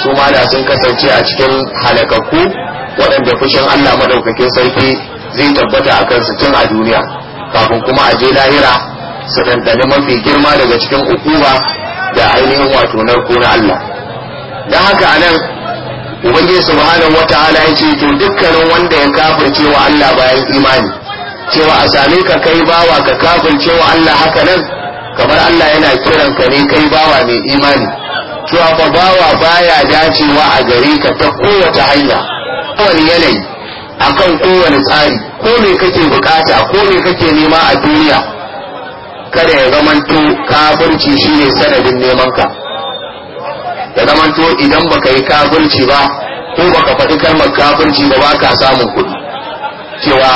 su ma da sun kasance a cikin halakakku waɗanda fushin Allah madaukakin sarki zai tabbata a kansu tun a duniya kafin kuma a je lahira su ɗanɗani mafi girma daga cikin ukuba da ainihin wato narko na Allah don haka anan ubangiji subhanahu wataala yace to dukkanin wanda ya kafirce wa Allah bayan imani cewa a same ka kai bawa ka kafirce wa Allah haka nan kamar Allah yana kiran ka ne kai bawa mai imani cewa fa bawa baya dacewa a gare ka ta kowace hanya kowane yanayi akan kowane tsari ko me kake bukata ko me kake nema a duniya kada ya zamanto kafirci shine sanadin neman ka ya zamanto idan baka yi kafirci ba ko baka faɗi kalmar kafirci ba ba ka samun kuɗi cewa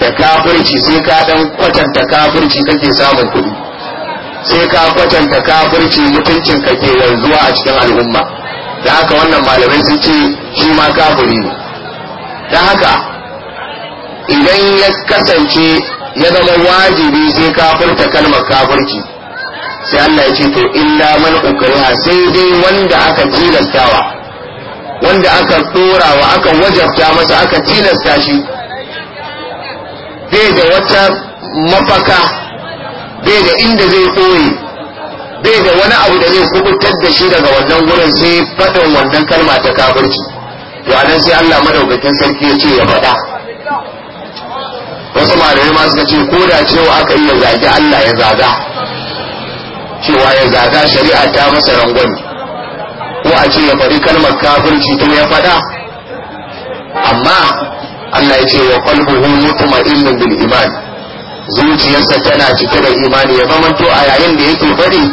da kafirci sai ka ɗan kwatanta kafirci kake samun kuɗi sai ka kwatanta kafirci mutuncin ka ke yanzuwa a cikin al'umma da haka wannan malamai sun ce shi ma kafiri ne da haka idan ya kasance ya zama wajibi sai kafirta kalmar kafirci sai Allah ya ce to illa man ukriha sai dai wanda aka tilastawa wanda aka wa aka wajabta masa aka tilasta shi bai da wata mafaka bai da inda zai koyi bai da wani abu da zai kubutar da shi daga wannan gurin sai faɗin wannan kalma ta kafirci to anan sai Allah madaukakin sarki ya ce ya faɗa wasu malamai ma suka ce ko da cewa aka iya zagi Allah ya zaga cewa ya zaga shari'a ta masa rangwani ko a ce ya faɗi kalmar kafirci tun ya faɗa amma Allah ya ce wa qalbuhu mutma'innun bil iman zuciyarsa tana cike da imani ya to a yayin da yake faɗi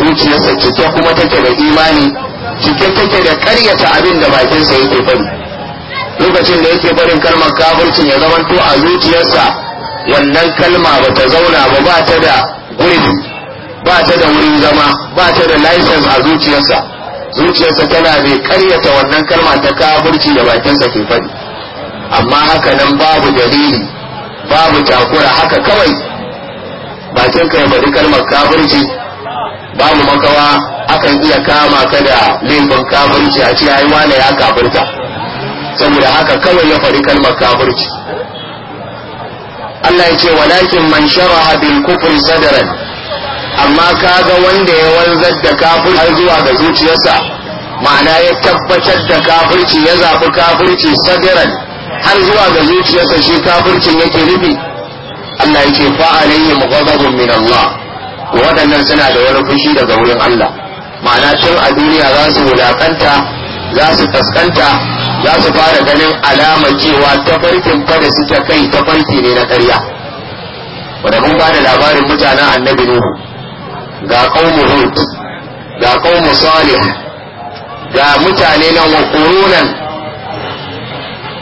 zuciyarsa cike kuma take da imani cike take da karyata abin da bakinsa yake faɗi lokacin da yake barin kalmar kafircin ya to a zuciyarsa wannan kalma bata zauna ba ba ta da gurbi ba ta da wurin zama ba ta da license a zuciyarsa zuciyarsa tana mai karyata wannan kalma ta kafirci da bakinsa ke faɗi amma haka nan babu dalili babu takura haka kawai bakin ka ya faɗi kalmar kafirci babu makawa akan iya kama ka da laifin kafirci a ce ai wane ya kafirta saboda haka kawai ya faɗi kalmar kafirci Allah ya ce walakin man sharaha bil kufri sadran amma kaga wanda ya wanzar da kafir har zuwa ga zuciyarsa ma'ana ya tabbatar da kafirci ya zafi kafirci sadiran har zuwa ga zuciyarsa shi kafircin yake rubi Allah yake ya ghadabun min Allah waɗannan suna da wani fushi daga wurin Allah ma'ana tun a duniya za su wulakanta za su kaskanta za su fara ganin alama cewa tafarkin fada suke kai tafarki ne na ƙarya wadda mun ba da labarin mutanen annabi Nuhu ga qaumu hud ga qaumu salih ga mutane nan wa qurunan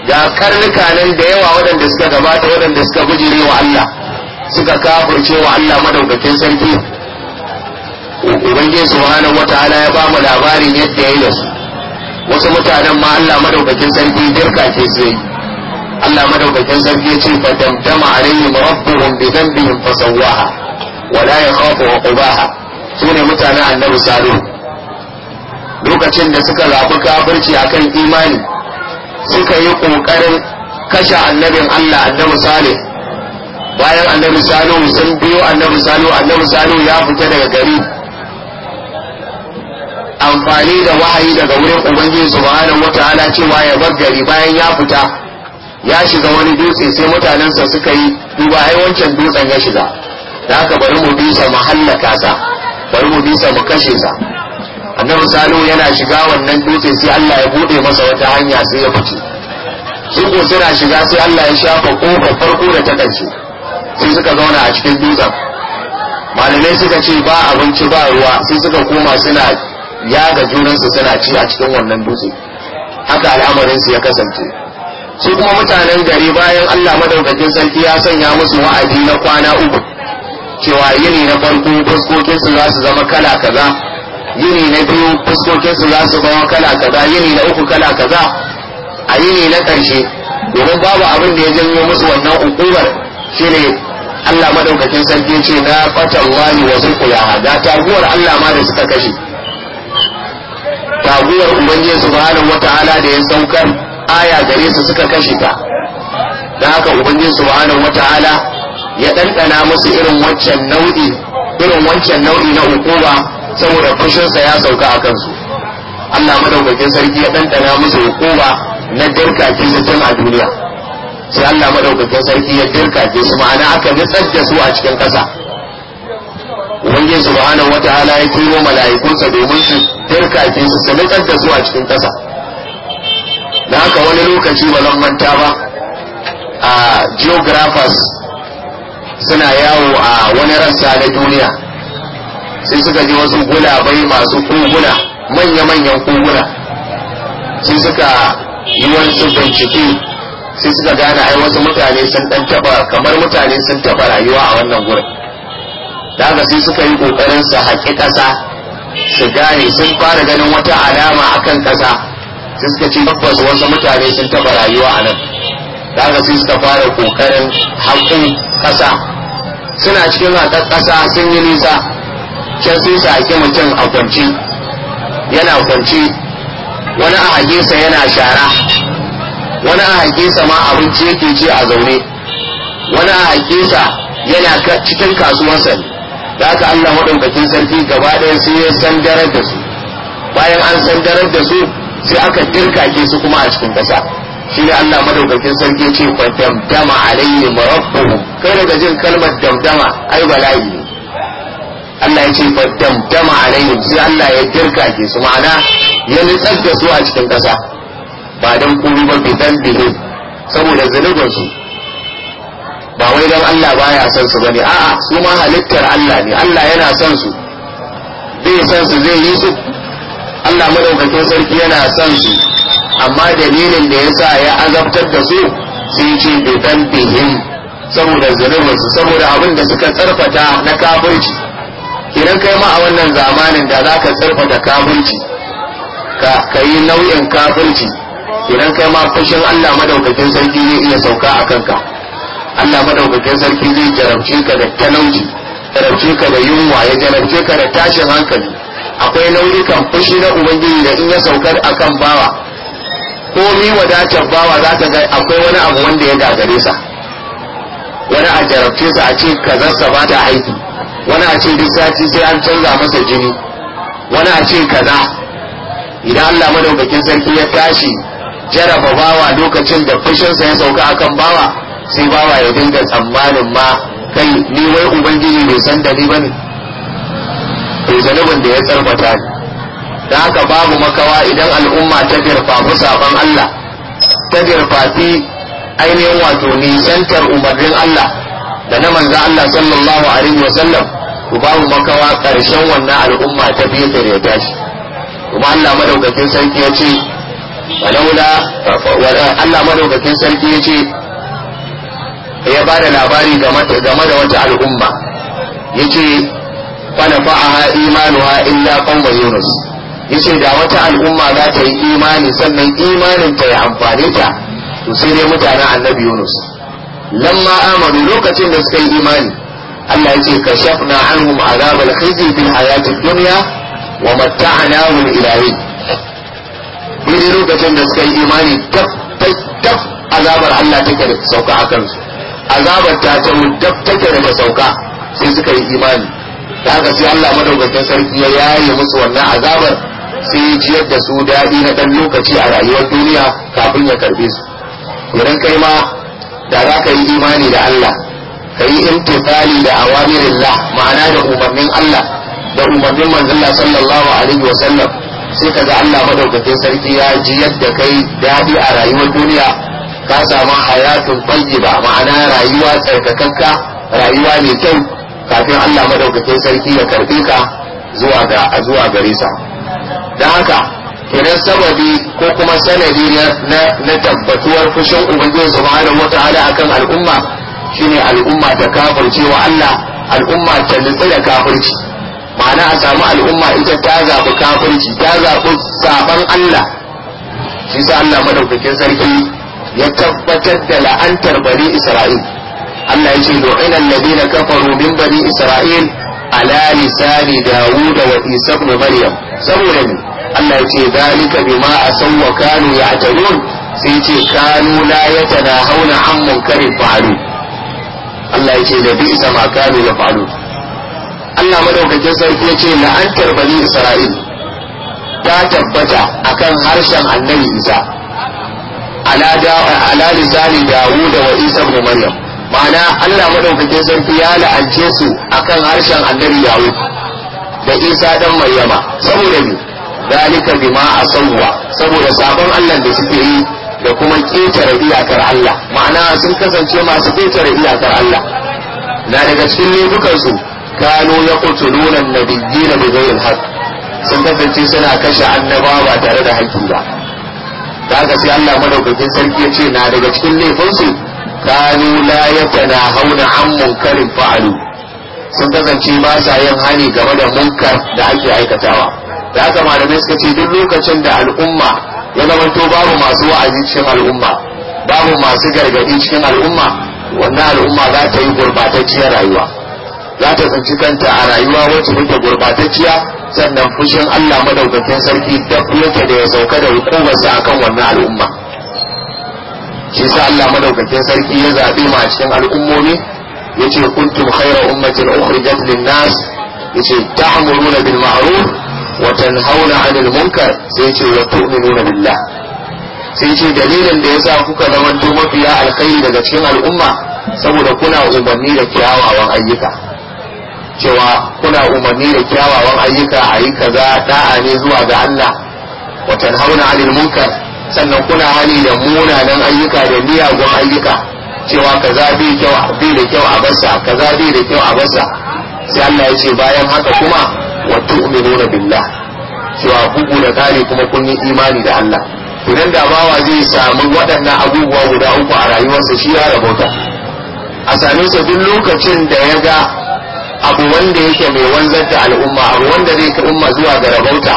ga karnuka nan da yawa waɗanda suka gabata waɗanda suka bujire wa Allah suka kafirce wa Allah madaukakin sarki ubangiji subhanahu wataala ya ba mu labarin yadda ya yi wasu mutanen ma Allah madaukakin sarki dirka ce su yi Allah madaukakin sarki ce fa damdama alaihim rabbuhum bi dhanbihim fasawaha wala ya khafu uba sune mutanen annabi salihu lokacin da suka zabi kafirci akan imani suka yi ƙoƙarin kashe annabin Allah annabi salih bayan annabi salihu sun biyo annabi salihu annabi salihu ya fita daga gari amfani da wahayi daga wurin ubangiji subhanahu wataala cewa ya bar gari bayan ya fita ya shiga wani dutse sai mutanensa suka yi duba ai wancan dutsen ya shiga da haka bari mu bisa mu hallaka sa bari mu bisa mu kashe sa annabi salihu yana shiga wannan dutse sai Allah ya bude masa wata hanya sai ya fice sun suna shiga sai Allah ya shafa kofar farko da ta kace sai suka zauna a cikin dutsen malamai suka ce ba abinci ba ruwa sai suka koma suna yaga junansu suna ci a cikin wannan dutse haka al'amarin su ya kasance su kuma mutanen gari bayan Allah madaukakin sarki ya sanya musu wa'adi na kwana uku cewa yini na farko su za su zama kala kaza yini na biyu su za su zama kala kaza yini na uku kala kaza a yini na ƙarshe domin babu abin da ya janyo musu wannan hukumar shine Allah madaukakin sarki ce na fatan wani wa ya ga taguwar Allah ma da suka kashe taguwar ubangiji subhanahu wata'ala da ya saukar aya gare su suka kashe ta da haka ubangiji subhanahu wata'ala ya ɗanɗana musu irin wancan nau'i irin wancan nau'i na hukuma saboda fushinsa ya sauka a kansu Allah madaukakin sarki ya ɗanɗana musu hukuma na dirka su tun a duniya sai Allah madaukakin sarki ya dirka su ma'ana aka nitsar da su a cikin ƙasa Ubangiji subhanahu wata'ala ya turo mala'ikunsa domin su dirka su su nitsar da su a cikin ƙasa da haka wani lokaci ba zan manta ba a geographers suna yawo a wani rassa na duniya sai suka ji wasu gulabai masu kuguna manya-manyan kuguna sai suka yi wasu bincike sai suka gane ai wasu mutane sun dan taba kamar mutane sun taba rayuwa a wannan gurin da sai suka yi kokarin su haƙi ƙasa su gane sun fara ganin wata alama akan ƙasa sai suka ce tabbas wasu mutane sun taba rayuwa a nan daga haka sai suka fara kokarin haƙin ƙasa suna cikin haƙar ƙasa sun yi nisa can sai su ake mutum a kwanci yana kwanci wani a haƙinsa yana shara wani a haƙinsa ma abinci yake ci a zaune wani a haƙinsa yana cikin kasuwarsa da haka Allah maɗaukakin sarki gaba ɗaya sai ya sandarar da su bayan an sandarar da su sai aka ke su kuma a cikin ƙasa shi ne Allah madaukakin sarki ce fa damdama alayhi rabbuhum kai daga jin kalmar damdama ai bala'i ne Allah ya ce fa damdama alayhi sai Allah ya girka ke su ma'ana ya nitsar da su a cikin ƙasa ba dan kuri ba bi dan bihi saboda zunubin su ba wai dan Allah baya son su bane a'a su ma halittar Allah ne Allah yana son su zai son su zai yi su Allah madaukakin sarki yana son su amma dalilin da yasa ya azabtar da su sai ce bi dambihim saboda zunubin su saboda abin da suka tsarfata na kafirci idan kai ma a wannan zamanin da za ka tsarfata kafirci ka yi nau'in kafirci idan kai ma fushin Allah madaukakin sarki zai iya sauka a kanka Allah madaukakin sarki zai jarabce ka da talauci jarabce ka da yunwa ya jarabce ka da tashin hankali akwai nau'ikan fushi na ubangiji da in ya saukar akan bawa mi wadatar bawa za ta ga akwai wani abu wanda ya gagare sa wani a jarabce sa a ce kazarsa ba ta aiki wani a ce duk sati sai an canza masa jini wani a ce kaza idan Allah madaukakin sarki ya tashi jaraba bawa lokacin da fushinsa ya sauka akan bawa sai bawa ya dinga tsammanin ma kai ni wai ubangiji bai san da ni bane to zanubin da ya tsarbata ni da haka babu makawa idan al'umma ta girfafi sabon Allah ta firfafi ainihin wato nisantar umarnin Allah da na manza Allah sallallahu alaihi wasallam ku babu makawa ƙarshen wannan al'umma ta biyu da ya tashi kuma Allah madaukakin sarki ya ce walaula Allah madaukakin sarki ya ce ya ba da labari game da wata al'umma ya ce fa nafa'aha imanuha illa kan yunus yace da wata al'umma za ta yi imani sannan imanin ta ya amfane ta to sai dai mutanen annabi Yunus lamma amanu lokacin da suka yi imani Allah yace kashafna anhum azabal khizi fil hayatid dunya wa matta'nahum ila yawm dai lokacin da suka yi imani tab azabar Allah take da sauka a kansu azabar ta ta dab take da sauka sai suka yi imani da haka sai Allah madaukakin sarki ya yaye musu wannan azabar sai ya ciyar da su daɗi na ɗan lokaci a rayuwar duniya kafin ya karbe su idan kai ma da za ka yi imani da Allah ka yi da awamirillah ma'ana da umarnin Allah da umarnin manzon sallallahu alaihi wa sallam sai ka ga Allah madaukakin sarki ya ji yadda kai daɗi a rayuwar duniya ka samu hayatun ba ma'ana rayuwa tsarkakakka rayuwa mai kyau kafin Allah madaukakin sarki ya karbe ka zuwa ga zuwa gare sa da haka kenan sababi ko kuma sanadi na tabbatuwar fushin ubangiji wata wataala akan al'umma shine al'umma ta kafirce wa Allah al'umma ta nutsu da kafirci ma'ana a samu al'umma ita ta zaɓi kafirci ta zaɓi saban Allah shi sa Allah madaukakin sarki ya tabbatar da la'antar bari Isra'il Allah ya ce lu'ina alladhina kafaru min bani Isra'il ala lisani Dawud wa Isa ibn Maryam saboda ne Allah ya ce zalika bima asaw wa kanu ya'tadun sai ce kanu la hauna an munkari fa'alu Allah ya ce da bi isa ma kanu ya fa'alu Allah madaukakin sarki ya ce la'antar bani Isra'il ta tabbata akan harshen annabi Isa ala lisani Dawud wa Isa ibn Maryam ma'ana Allah madaukakin sarki ya la'ance su akan harshen annabi yawo da Isa dan Maryama saboda ne zalika bima asawwa saboda sabon Allah da suke yi da kuma ketare iyakar Allah ma'ana sun kasance masu ketare iyakar Allah na daga cikin laifukan su kano ya qutuluna na nabiyyin na ghayri haqq sun kasance suna kashe annabawa ba tare da haƙƙi ba da haka sai Allah madaukakin sarki ya ce na daga cikin laifinsu kanu la hauna an munkarin fa'alu sun kasance ba sa yin hani game da munkar da ake aikatawa ya haka malamai suka ce duk lokacin da al'umma ya to babu masu wa'azi cikin al'umma babu masu gargadi cikin al'umma wannan al'umma za ta yi gurbatacciyar rayuwa za ta tsinci kanta a rayuwa wacce take gurbatacciya sannan fushin Allah madaukakin sarki duk yake da ya sauka da hukumarsa akan wannan al'umma shi sa Allah madaukakin sarki ya zabe ma cikin al'ummomi yace kuntum khayra ummatin ukhrijat lin nas yace ta'muruna bil ma'ruf wa tanhauna 'anil munkar sai ce wa tu'minuna billah sai ce dalilin da ya sa kuka zamanto mafiya alkhairi daga cikin al'umma saboda kuna umarni da kyawawan ayyuka cewa kuna umarni da kyawawan ayyuka a yi kaza da'a ne zuwa ga Allah wa tanhauna 'anil munkar sannan kuna hani da munanan ayyuka da miyagun ayyuka cewa kaza bai da kyau a basa kaza bai da kyau a basa sai Allah ya ce bayan haka kuma wa tu'minuna billah cewa bugu da kare kuma kun yi imani da Allah idan da bawa zai samu waɗannan abubuwa guda uku a rayuwarsa shi ya rabota a same sa duk lokacin da ya ga abu wanda yake mai wanzar da al'umma abu wanda zai ka umma zuwa ga rabauta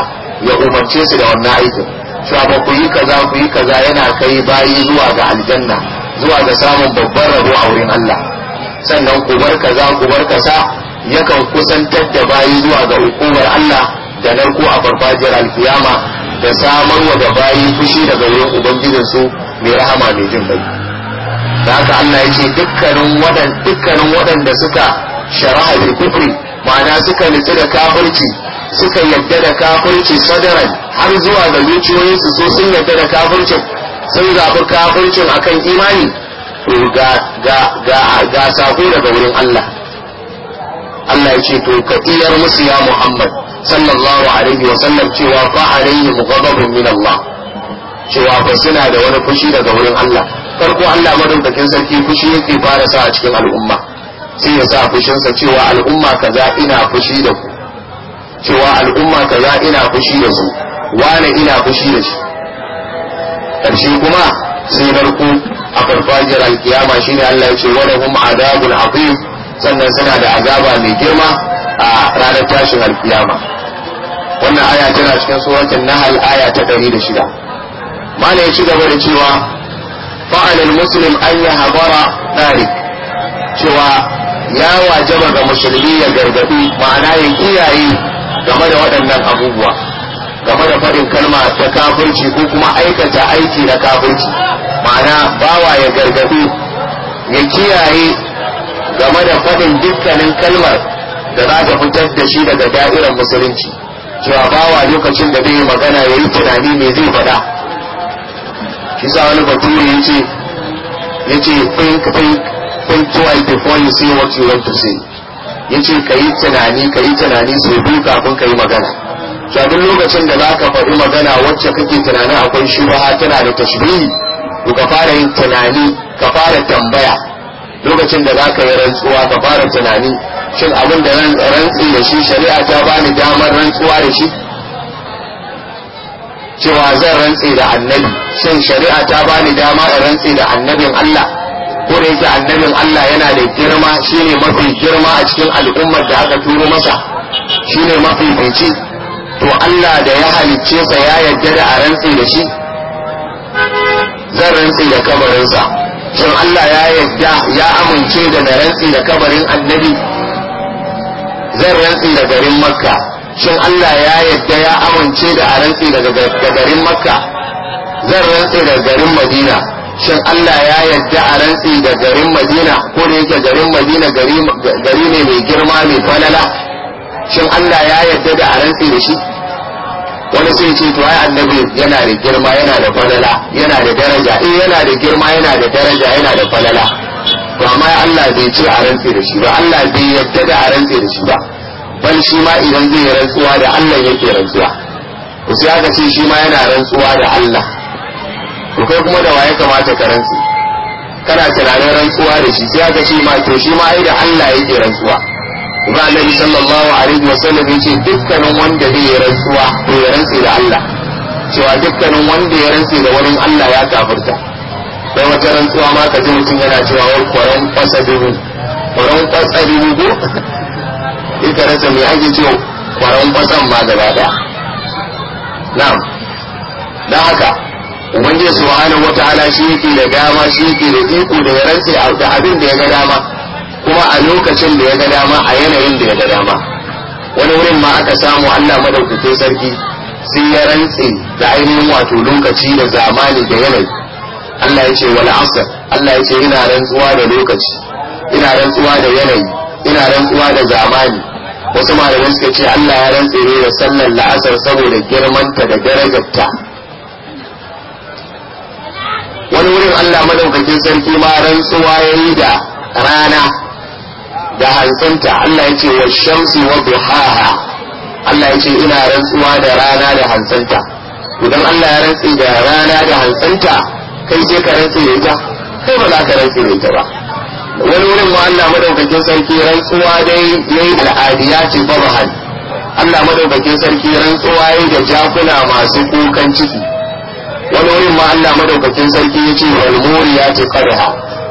ya umarce su da wannan aikin cewa ba ku yi kaza ku yi kaza yana kai bayi zuwa ga aljanna zuwa ga samun babban rabo a wurin Allah sannan ku bar kaza ku bar kasa. yakan kusantar da bayi zuwa ga hukumar Allah da narko a farfajiyar alkiyama da samar wa da bayi fushi daga wurin ubangijinsu mai rahama mai jin bai da haka Allah ya ce dukkanin waɗanda suka shara'a bil kufri ma'ana suka nitsi da kafirci suka yadda da kafirci sadaran har zuwa ga zuciyoyinsu so sun yadda da kafircin sun zaɓi kafircin akan imani ga ga ga sako daga wurin Allah Allah ya ce to ka iyar musu ya Muhammad sallallahu alaihi wa sallam cewa fa alaihi ghadabun min Allah cewa fa suna da wani fushi daga wurin Allah farko Allah madaukakin sarki fushi yake fara sa a cikin al'umma sai ya sa fushinsa cewa al'umma kaza ina fushi da ku cewa al'umma kaza ina fushi da su wane ina fushi da shi karshe kuma sai narko a farfajiyar alkiyama shine Allah ya ce wa lahum adabun azim sannan suna da azaba mai girma a ranar tashin alkiyama wannan aya tana cikin suratul nahl aya ta 106 shida. ya ci gaba da cewa fa'alal muslim an habara ɗari cewa ya wajaba ga musulmi ya gargaɗi ma'ana ya kiyaye game da waɗannan abubuwa game da faɗin kalma ta kafirci ko kuma aikata aiki na kafirci ma'ana bawa ya gargadi ya kiyaye game da faɗin dukkanin kalmar da za ta fitar da shi daga da'irar musulunci cewa bawa lokacin da zai magana ya yi tunani me zai faɗa shi sa wani bature ya ce ya ce think think think twice before you say what you want to say ya ce ka yi tunani ka yi tunani sau biyu kafin ka yi magana cewa duk lokacin da za ka faɗi magana wacce kake tunanin akwai shubha tana da tashbihi to ka fara yin tunani ka fara tambaya lokacin da za ka yi rantsuwa ka fara tunani shin abin da rantsi da shi shari'a ta bani damar rantsuwa da shi cewa zan rantsi da annabi shin shari'a ta bani dama in rantsi da annabin Allah ko da yake annabin Allah yana da girma shine mafi girma a cikin al'ummar da aka turo masa shine mafi fici to Allah da ya halicce sa ya yarda da a rantsi da shi zan rantsi da kabarinsa shin Allah ya yadda ya amince da na rantsi da kabarin annabi zan rantsi da garin makka shin Allah ya yadda ya amince da a rantsi da garin makka zan rantsi da garin madina shin Allah ya yadda a rantsi da garin madina ko da yake garin madina gari ne mai girma mai falala shin Allah ya yadda da a rantsi da shi wani sun ce to ai annabi yana da girma yana da falala yana da daraja eh yana da girma yana da daraja yana da falala to amma Allah bai ce a rantse da shi ba Allah bai yadda da a rantse da shi ba ban shi ma idan zai rantsuwa da Allah yake rantsuwa to sai aka ce shi ma yana rantsuwa da Allah to kai kuma da waye kamata ka rantse kana tunanin rantsuwa da shi sai aka ce ma to shi ma ai da Allah yake rantsuwa ga annabi sallallahu alaihi wa wasallam yace dukkanin wanda zai yi rantsuwa to ya rantsi da Allah cewa dukkanin wanda ya rantsi da wurin Allah ya kafirta dan wata rantsuwa ma ka ji mutum yana cewa wai kwaran kwasadiru kwaran kwasadiru ko ita rasa mai ake cewa kwaran kwasan ma gaba daya na'am dan haka ubangiji subhanahu wataala shi yake da dama shi yake da iko da ya a a abin da ya ga dama kuma a lokacin da ya ga dama a yanayin da ya ga dama wani wurin ma aka samu Allah madaukakin sarki sun ya rantsi da ainihin wato lokaci da zamani da yanayi Allah ya ce wal asr Allah ya ce ina rantsuwa da lokaci ina rantsuwa da yanayi ina rantsuwa da zamani wasu malamai suka ce Allah ya rantsi ne da sallar la'asar saboda girmanta da darajarta wani wurin Allah madaukakin sarki ma rantsuwa yayi da rana da hantsinta Allah ya ce wa shamsi wa duhaha Allah ya ce ina rantsuwa da rana da hantsinta idan Allah ya rantsi da rana da hantsinta kai sai ka rantsi da ita kai ba za ka rantsi da ita ba wani wurin ma Allah madaukakin sarki rantsuwa dai yayi al'adiya ce ba mahal Allah madaukakin sarki rantsuwa yayi da jakuna masu kukan ciki wani wurin ma Allah madaukakin sarki yace wal ta qadha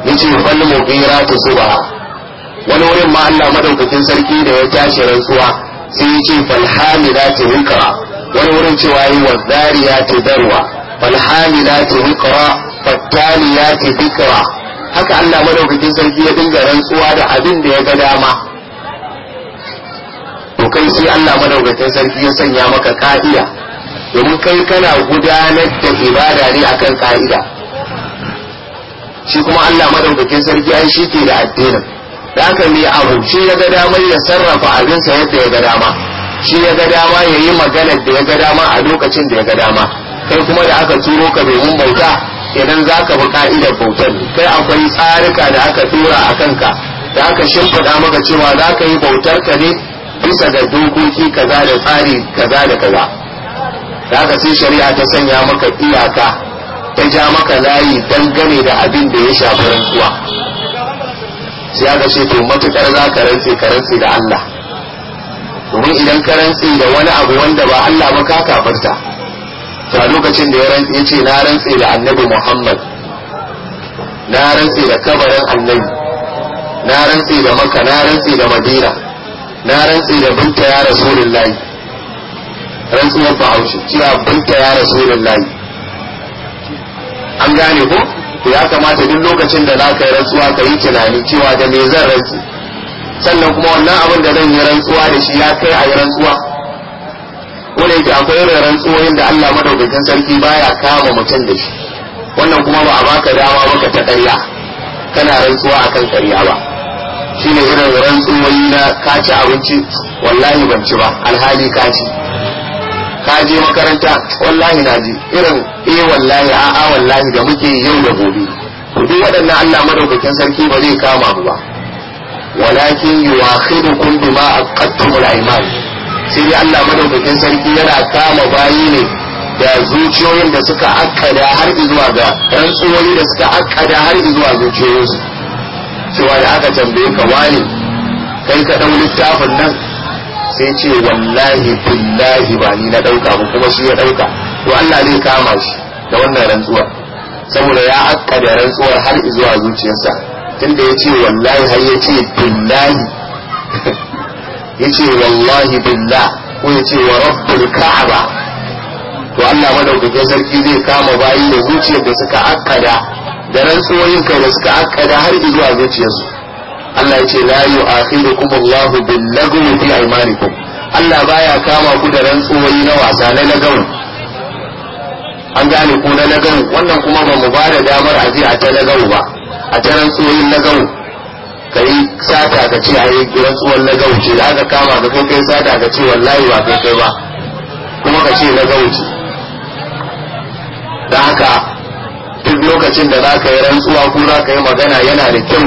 yace wal ta subha wani wurin ma Allah madaukakin sarki da ya tashi rantsuwa sai ya ce falhamilati riqra wani wurin cewa yi wa ta darwa falhamilati riqra ta dhikra haka Allah madaukakin sarki ya dinga rantsuwa da abin da ya ga dama to kai sai Allah madaukakin sarki ya sanya maka ka'ida domin kai kana gudanar da ibada ne akan ka'ida shi kuma Allah madaukakin sarki ai shi ke da addinin da aka mai abu shi ya ga dama ya sarrafa abinsa yadda ya ga dama shi ya ga dama ya yi maganar da ya ga dama a lokacin da ya ga dama kai kuma da aka turo ka mun bauta idan za ka bi ka'idar bautar kai akwai tsarika da aka tura a kanka da aka shimfiɗa maka cewa za ka yi bautar ka ne bisa ga dokoki kaza da tsari kaza da kaza da aka sai shari'a ta sanya maka iyaka ta ja maka layi dangane da abin da ya shafi rantsuwa sai aka ce to matukar za ka rantse ka rantse da Allah domin idan ka rantse da wani abu wanda ba Allah ba ka kafarta to a lokacin da ya rantse ce na rantse da annabi Muhammad na rantse da kabarin annabi na rantse da Makka na rantse da Madina na rantse da binta ya rasulullahi rantsuwar bahaushe cewa binta ya rasulullahi an gane ko to ya kamata duk lokacin da za ka yi rantsuwa ka yi tunani cewa da me zan rantsu sannan kuma wannan abin da zan yi rantsuwa da shi ya kai a yi rantsuwa wanda yake akwai irin rantsuwoyin da Allah madaukakin sarki baya kama mutum da shi wannan kuma ba a baka dama baka ta ƙarya kana rantsuwa akan ƙarya ba shine irin rantsuwoyi na kaci abinci wallahi ban ci ba alhali kaci. ka je makaranta wallahi na ji irin eh wallahi a a wallahi da muke yau da gobe to duk waɗannan Allah madaukakin sarki ba zai kama mu ba walakin yuwakhidukum bima aqattum al-ayman sai dai Allah madaukakin sarki yana kama bayi ne da zuciyoyin da suka akkada har zuwa ga rantsuwoyi da suka akkada har zuwa zuciyoyinsu cewa da aka tambaye ka wani kai ka ɗau littafin nan sai ce wallahi billahi ba ni na dauka ba kuma shi ya dauka to Allah zai kama shi da wannan rantsuwar saboda ya akka da rantsuwar har zuwa zuciyarsa tunda ya ce wallahi har ya ce billahi <laughs> ya ce wallahi billah ko ya ce wa rabbul ka'aba to Allah madaukakin sarki zai kama bayi da zuciyar da suka akkada da rantsuwoyin kai da suka da har zuwa zuciyarsu Allah ya ce la yu'akhidukum Allahu bil lagwi fi aymanikum Allah baya kama ku da rantsuwoyi na wasa na lagawun an gane ku na lagawun wannan kuma ba mu bada damar a a ta lagawu ba a ta rantsuwoyin lagawu kai sata ka ce a yi rantsuwar lagawu ce da aka kama ka kai sata ka ce wallahi ba kai kai ba kuma ka ce lagawu ce da haka duk lokacin da za ka yi rantsuwa ko za ka yi magana yana da kyau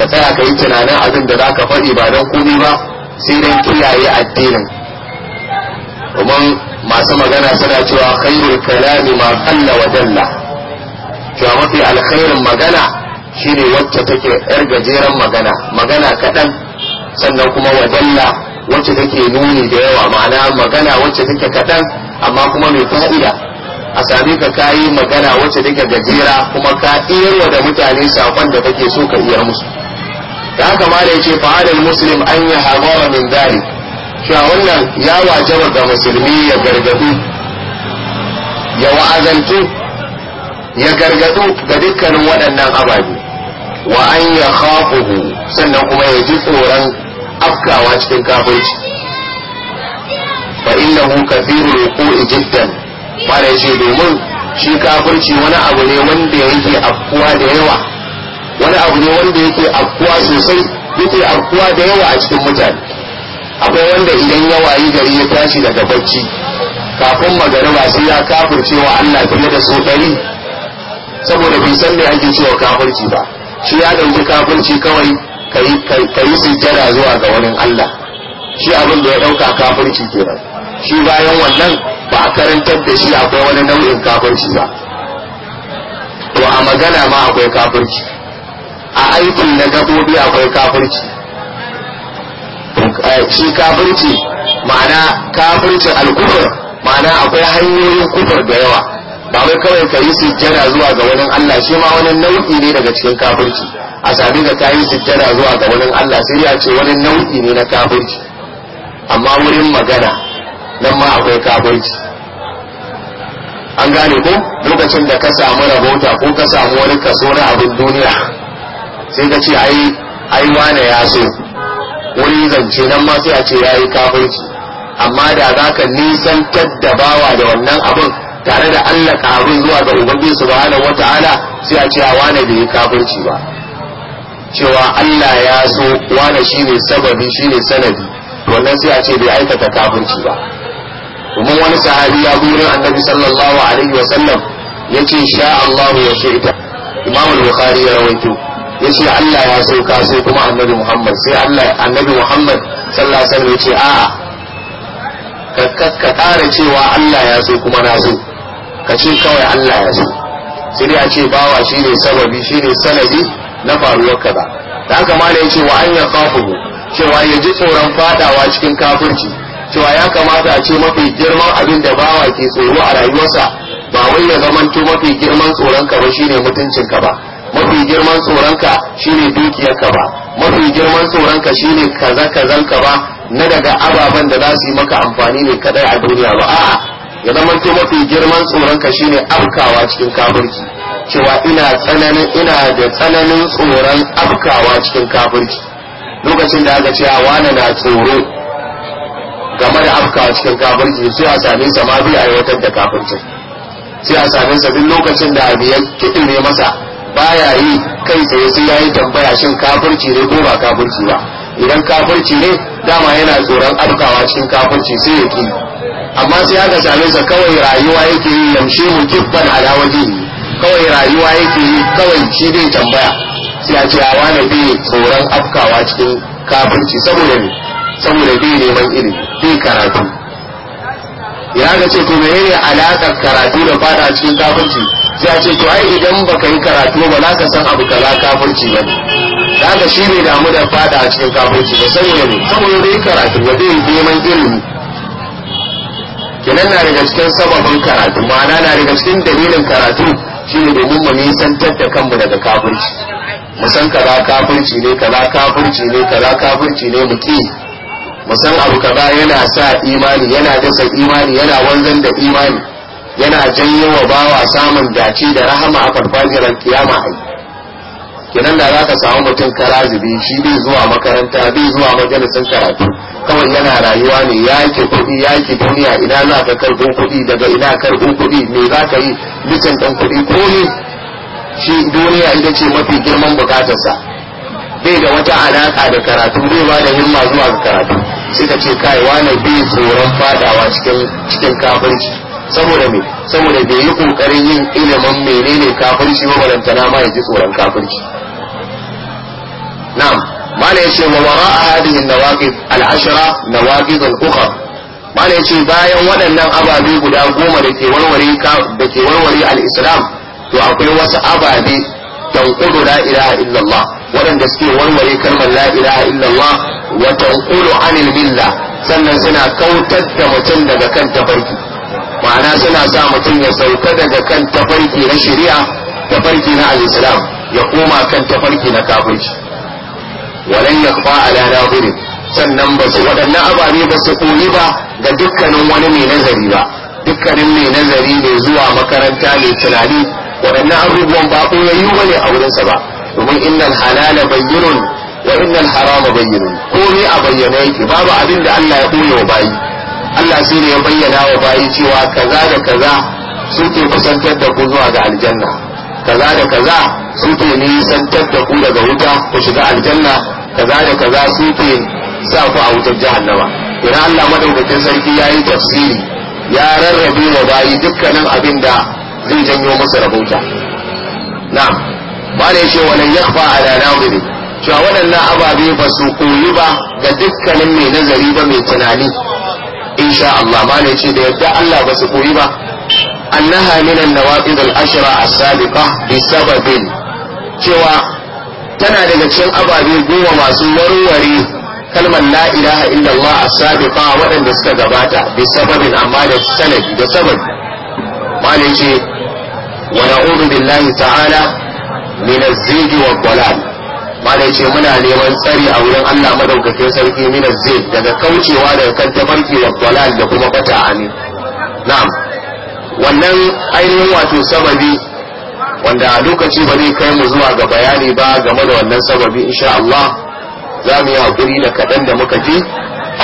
ka tsaya ka yi tunanin abin da za ka faɗi ba don komai ba sai don kiyaye addinin domin masu magana suna cewa khairul kalami ma qalla wa cewa mafi alkhairin magana shine wacce take yar gajeren magana magana kaɗan sannan kuma wa jalla wacce take nuni da yawa ma'ana magana wacce take kaɗan amma kuma mai fa'ida a sami ka kayi magana wacce take gajera kuma ka iyarwa da mutane sakon da kake so ka iya musu da kamata ya ce fa alal muslim an hamara min shi a wannan ya wajaba ga musulmi ya gargadu ya wa'azantu ya gargadu ga dukkanin waɗannan ababe wa an ya khafuhu sannan kuma ya ji tsoron afkawa cikin kafirci fa innahu kathiru ruku'i jiddan mala shi domin shi kafirci wani abu ne wanda yake afkuwa da yawa wani abu ne wanda yake afkuwa sosai yake afkuwa da yawa a cikin mutane akwai wanda idan ya wayi gari ya tashi daga bacci kafin magariba sai ya kafirce wa Allah fiye da so ɗari saboda bai san me ake cewa kafirci ba shi ya ɗauki kafirci kawai ka yi sujjada zuwa ga wani Allah shi abin da ya ɗauka kafirci kenan shi bayan wannan ba a karantar da shi akwai wani nau'in kafirci ba to a magana ma akwai kafirci a aikin na gabobi akwai kafirci eh, shi kafirci ma'ana kafircin alkufur ma'ana akwai hanyoyin kufar da yawa ba wai kawai ka yi sujjada zuwa ga wani Allah shi ma wani nau'i ne daga cikin kafirci a sami da yi sujjada zuwa ga wani Allah sai ya ce wani nau'i ne na kafirci amma wurin magana nan ma akwai kafirci an gane ko lokacin da ka samu rahota ko ka samu wani kaso na abin duniya sai ka ce ai ai wane ya so wani zance nan ma sai a ce yayi kafirci amma da zaka nisantar da bawa da wannan abin tare da Allah abin zuwa ga ubangiji subhanahu wataala sai a ce wane bai yi kafirci ba cewa Allah ya so wane shine sababi shine sanadi wannan sai a ce bai aikata kafirci ba domin wani sahabi ya gurin annabi sallallahu alaihi wa sallam yace sha Allah ya shi'ta Imam al-Bukhari ya rawaito yace Allah ya sauka sai kuma annabi Muhammad sai Allah annabi Muhammad sallallahu alaihi wasallam yace a'a ka ka tare cewa Allah ya so kuma na so ka ce kawai Allah ya so sai dai a ce bawa shine sababi shine sanadi na faruwar ba da haka ma da yace wa an ya cewa ya ji tsoron fadawa cikin kafirci cewa ya kamata a ce mafi girman abin da bawa ke tsoro a rayuwarsa ba wai ya zamanto mafi girman tsoron ka ba shine mutuncin ka ba mafi girman tsoronka shine dukiyarka ba mafi girman tsoronka shine kaza kazanka ba na daga ababen da za su yi maka amfani ne kadai a duniya ba a'a ya zama ke mafi girman tsoronka shine afkawa cikin kafirci cewa ina tsananin ina da tsananin tsoron afkawa cikin kafirci lokacin da aka ce a wani na tsoro game da afkawa cikin kafirci sai a same sa ma bai aiwatar da kafircin sai a same sa duk lokacin da abu ya ne masa baya yi kai tsaye sai ya yi tambaya shin kafirci ne ko ba kafirci ba idan kafirci ne dama yana tsoron afkawa cikin kafirci sai ya ki amma sai aka same sa kawai rayuwa yake yi yamshe mu kibban ala wajihi kawai rayuwa yake yi kawai shi zai tambaya sai a ce a wane bi tsoron afkawa cikin kafirci saboda ne saboda bai neman ilimi bi karatu ya ga ce to menene alaƙar karatu da fada cikin kafirci sai ce to ai idan baka yi karatu ba za ka san abu kaza kafirci ba da haka shi bai damu da fada a cikin kafirci ba saboda ne saboda dai karatu ba zai neman ilimi kenan na daga cikin sababin karatu ma'ana na daga cikin dalilin karatu shi ne domin mu nisantar da kanmu daga kafirci mu san kaza kafirci ne kaza kafirci ne kaza kafirci ne mu ki mu san abu kaza yana sa imani yana dasa imani yana wanzan da imani yana janyo wa bawa samun dace da rahama a farfajiyar kiyama yi kinan da za ka samu mutum karazibi shi bai zuwa makaranta bai zuwa majalisar karatu kawai yana rayuwa ne ya ke kuɗi ya ke duniya ina za ka karɓin kuɗi daga ina karɓin kuɗi me za ka yi bisan ɗan kuɗi ko shi duniya ita ce mafi girman bukatarsa bai da wata alaƙa da karatu bai ba da himma zuwa ga karatu sai ka ce kai wani bai tsoron fadawa cikin cikin kafirci saboda me saboda bai yi kokarin yin ilimin menene kafirci ba balantana ma ya ji tsoron kafirci na'am mala yace wa wara'a hadhihi nawaqid al-ashra nawaqid al-ukhra mala yace bayan waɗannan ababe guda goma da ke warware da ke warware al-islam to akwai wasu ababe tanqudu la ilaha illallah waɗanda suke warware kalmar la ilaha illallah wa tanqulu anil milla sannan suna kautar da mutum daga kan tafarki ma'ana suna sa mutum ya sauka daga kan tafarki na shari'a tafarki na al-islam ya koma kan tafarki na kafirci walan yakfa ala nadirin sannan ba su waɗannan ababe ba su koyi ba ga dukkanin wani mai nazari ba dukkanin mai nazari mai zuwa makaranta mai tunani waɗannan abubuwan ba koyayyu ba ne a wurinsa ba domin innal halala bayyinun wa innal harama bayyinun komai a bayyana yake babu abin da Allah ya koyo bayi Allah sai ne ya bayyana wa bayi cewa kaza da kaza suke kusantar da ku zuwa ga aljanna kaza da kaza suke nisantar da ku daga wuta ku shiga aljanna kaza da kaza suke sa ku a wutar jahannama idan Allah madaukakin sarki ya yi tafsiri ya rarrabe wa bayi dukkanin abin da zai janyo masa rahoto na'am ba da yake walan yakhfa ala nawiri cewa waɗannan ababe ba su koyi ba ga dukkanin mai nazari ba mai tunani insha Allah ba ne ce da yadda Allah ba su koyi ba annaha min an-nawaqid al-ashra as-sabiqa bi sababin cewa tana daga cikin ababe goma masu warware kalmar la ilaha illallah as-sabiqa waɗanda suka gabata bi sababin amma da sanadi da sababi ne ce wa na'udhu billahi ta'ala min az-zayg wa dalal mala ce muna neman tsari a wurin Allah madaukakin sarki min zai daga kaucewa daga kan tafarki da dalal da kuma bata ani na'am wannan ainihin wato sababi wanda a lokaci ba zai kai mu zuwa ga bayani ba game da wannan sababi insha Allah za mu yi hakuri da kaɗan da muka ji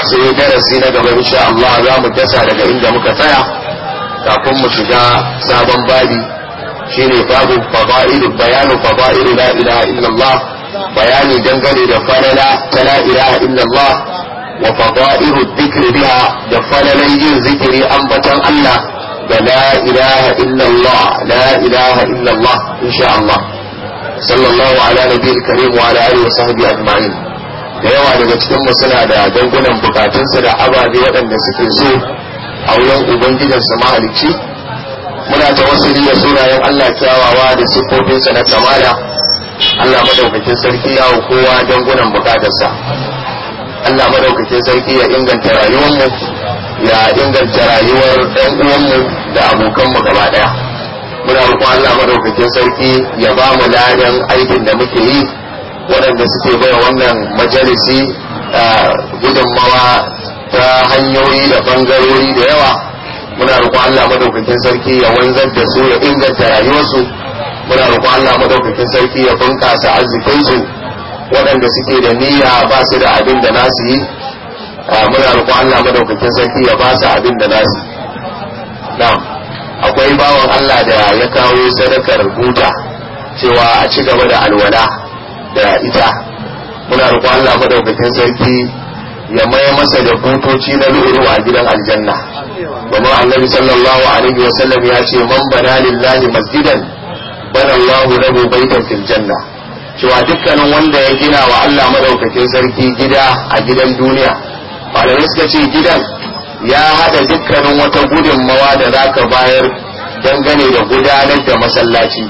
sai darasi na gaba insha Allah za mu dasa daga inda muka tsaya kafin mu shiga sabon babi shine babu fada'ilu bayanu fada'ilu la ilaha illallah bayani dangane da falala ta La'ilaha illallah wa fadailu dhikri biha da falalan yin zikiri ambatan Allah da La'ilaha ilaha illallah la ilaha illallah insha Allah sallallahu ala nabiyil karim wa ala alihi wa sahbihi ajma'in da yawa daga cikin mu suna da dangunan bukatunsu da ababe waɗanda suke so a wurin ubangijinsu mahalicci muna ta wasu da sunayen Allah kyawawa da siffofinsa na kamala Allah madaukakin sarki ya hu kowa dangunan bukatarsa Allah madaukakin sarki ya inganta rayuwarmu ya inganta rayuwar ɗan uwanmu da abokanmu gaba ɗaya muna roƙon Allah madaukakin sarki ya ba mu ladan aikin da muke yi waɗanda suke baya wannan majalisi gudunmawa ta hanyoyi da bangarori da yawa muna roƙon Allah madaukakin sarki ya wanzar da su ya inganta rayuwarsu muna roƙon Allah madaukakin sarki ya bunƙasa arzikin su waɗanda suke da niyya ba su da abin da nasu yi ah, muna roƙon Allah madaukakin sarki ya ba su abin da nasu na'am akwai bawan Allah da ya kawo sadakar buta cewa a ci gaba da alwala da ita muna roƙon Allah madaukakin sarki ya maye masa da butoci na lori a gidan aljanna domin annabi sallallahu alaihi wa sallam ya ce man bana lillahi masjidan bana rabu lahu baitan fil janna cewa dukkanin wanda ya gina wa Allah madaukakin sarki gida a gidan duniya malamai suka ce gidan ya hada dukkanin wata gudunmawa da zaka bayar dangane da gudanar da masallaci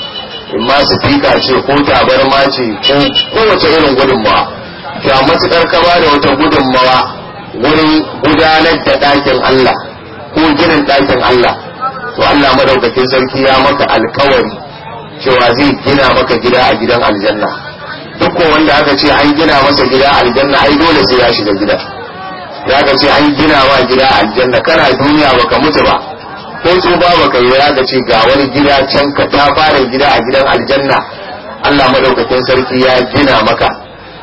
in ma su fika ce ko tabarma ce ko kowace irin gudunmawa ga matukar ka da wata gudunmawa wurin gudanar da ɗakin Allah ko ginin ɗakin Allah to Allah madaukakin sarki ya maka alkawari cewa zai gina maka gida a gidan aljanna duk wanda aka ce an gina masa gida a aljanna ai dole sai ya shiga gida ya ka ce an gina wa gida aljanna kana duniya baka mutu ba ko ba baka yi ya ka ce ga wani gida can ka ta fara gida a gidan aljanna Allah madaukakin sarki ya gina maka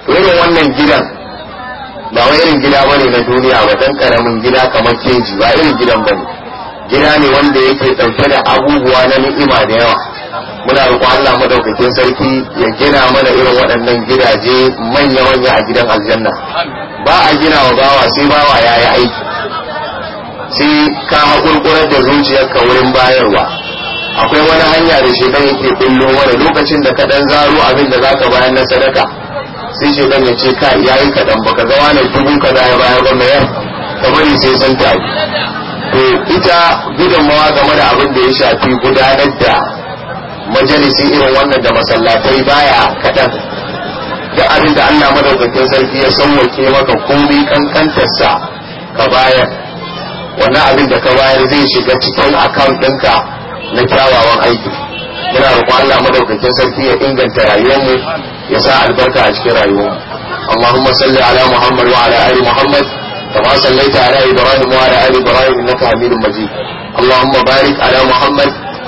irin wannan gidan ba wai irin gida bane na duniya ba dan karamin gida kamar keji ba irin gidan bane gida ne wanda yake dauke da abubuwa na ni'ima da yawa muna roƙon Allah madaukakin sarki ya gina mana irin waɗannan gidaje manya-manya a gidan aljanna ba a gina wa bawa sai bawa ya yi aiki sai ka haƙurƙurar da zuciyarka wurin bayarwa akwai wani hanya da shekan yake kullo wani lokacin da ka ɗan zaro abin da za ka bayar na sadaka sai shekan ya ce ka ya yi kaɗan ba ka ga na dubu ka ya bayar ba yan ka bari sai sun tafi to ita gudunmawa game da abin da ya shafi gudanar da majalisi irin wannan da masallatai baya kaɗan da abin da Allah madaukakin sarki ya sauwake maka komai kankantarsa ka bayar wannan abin da ka bayar zai shiga cikin account ɗinka na kyawawan aiki muna roƙon Allah madaukakin sarki ya inganta rayuwarmu ya sa albarka a cikin rayuwarmu اللهم صل على محمد وعلى آل محمد كما صليت على إبراهيم وعلى آل إبراهيم إنك حميد مجيد اللهم بارك على محمد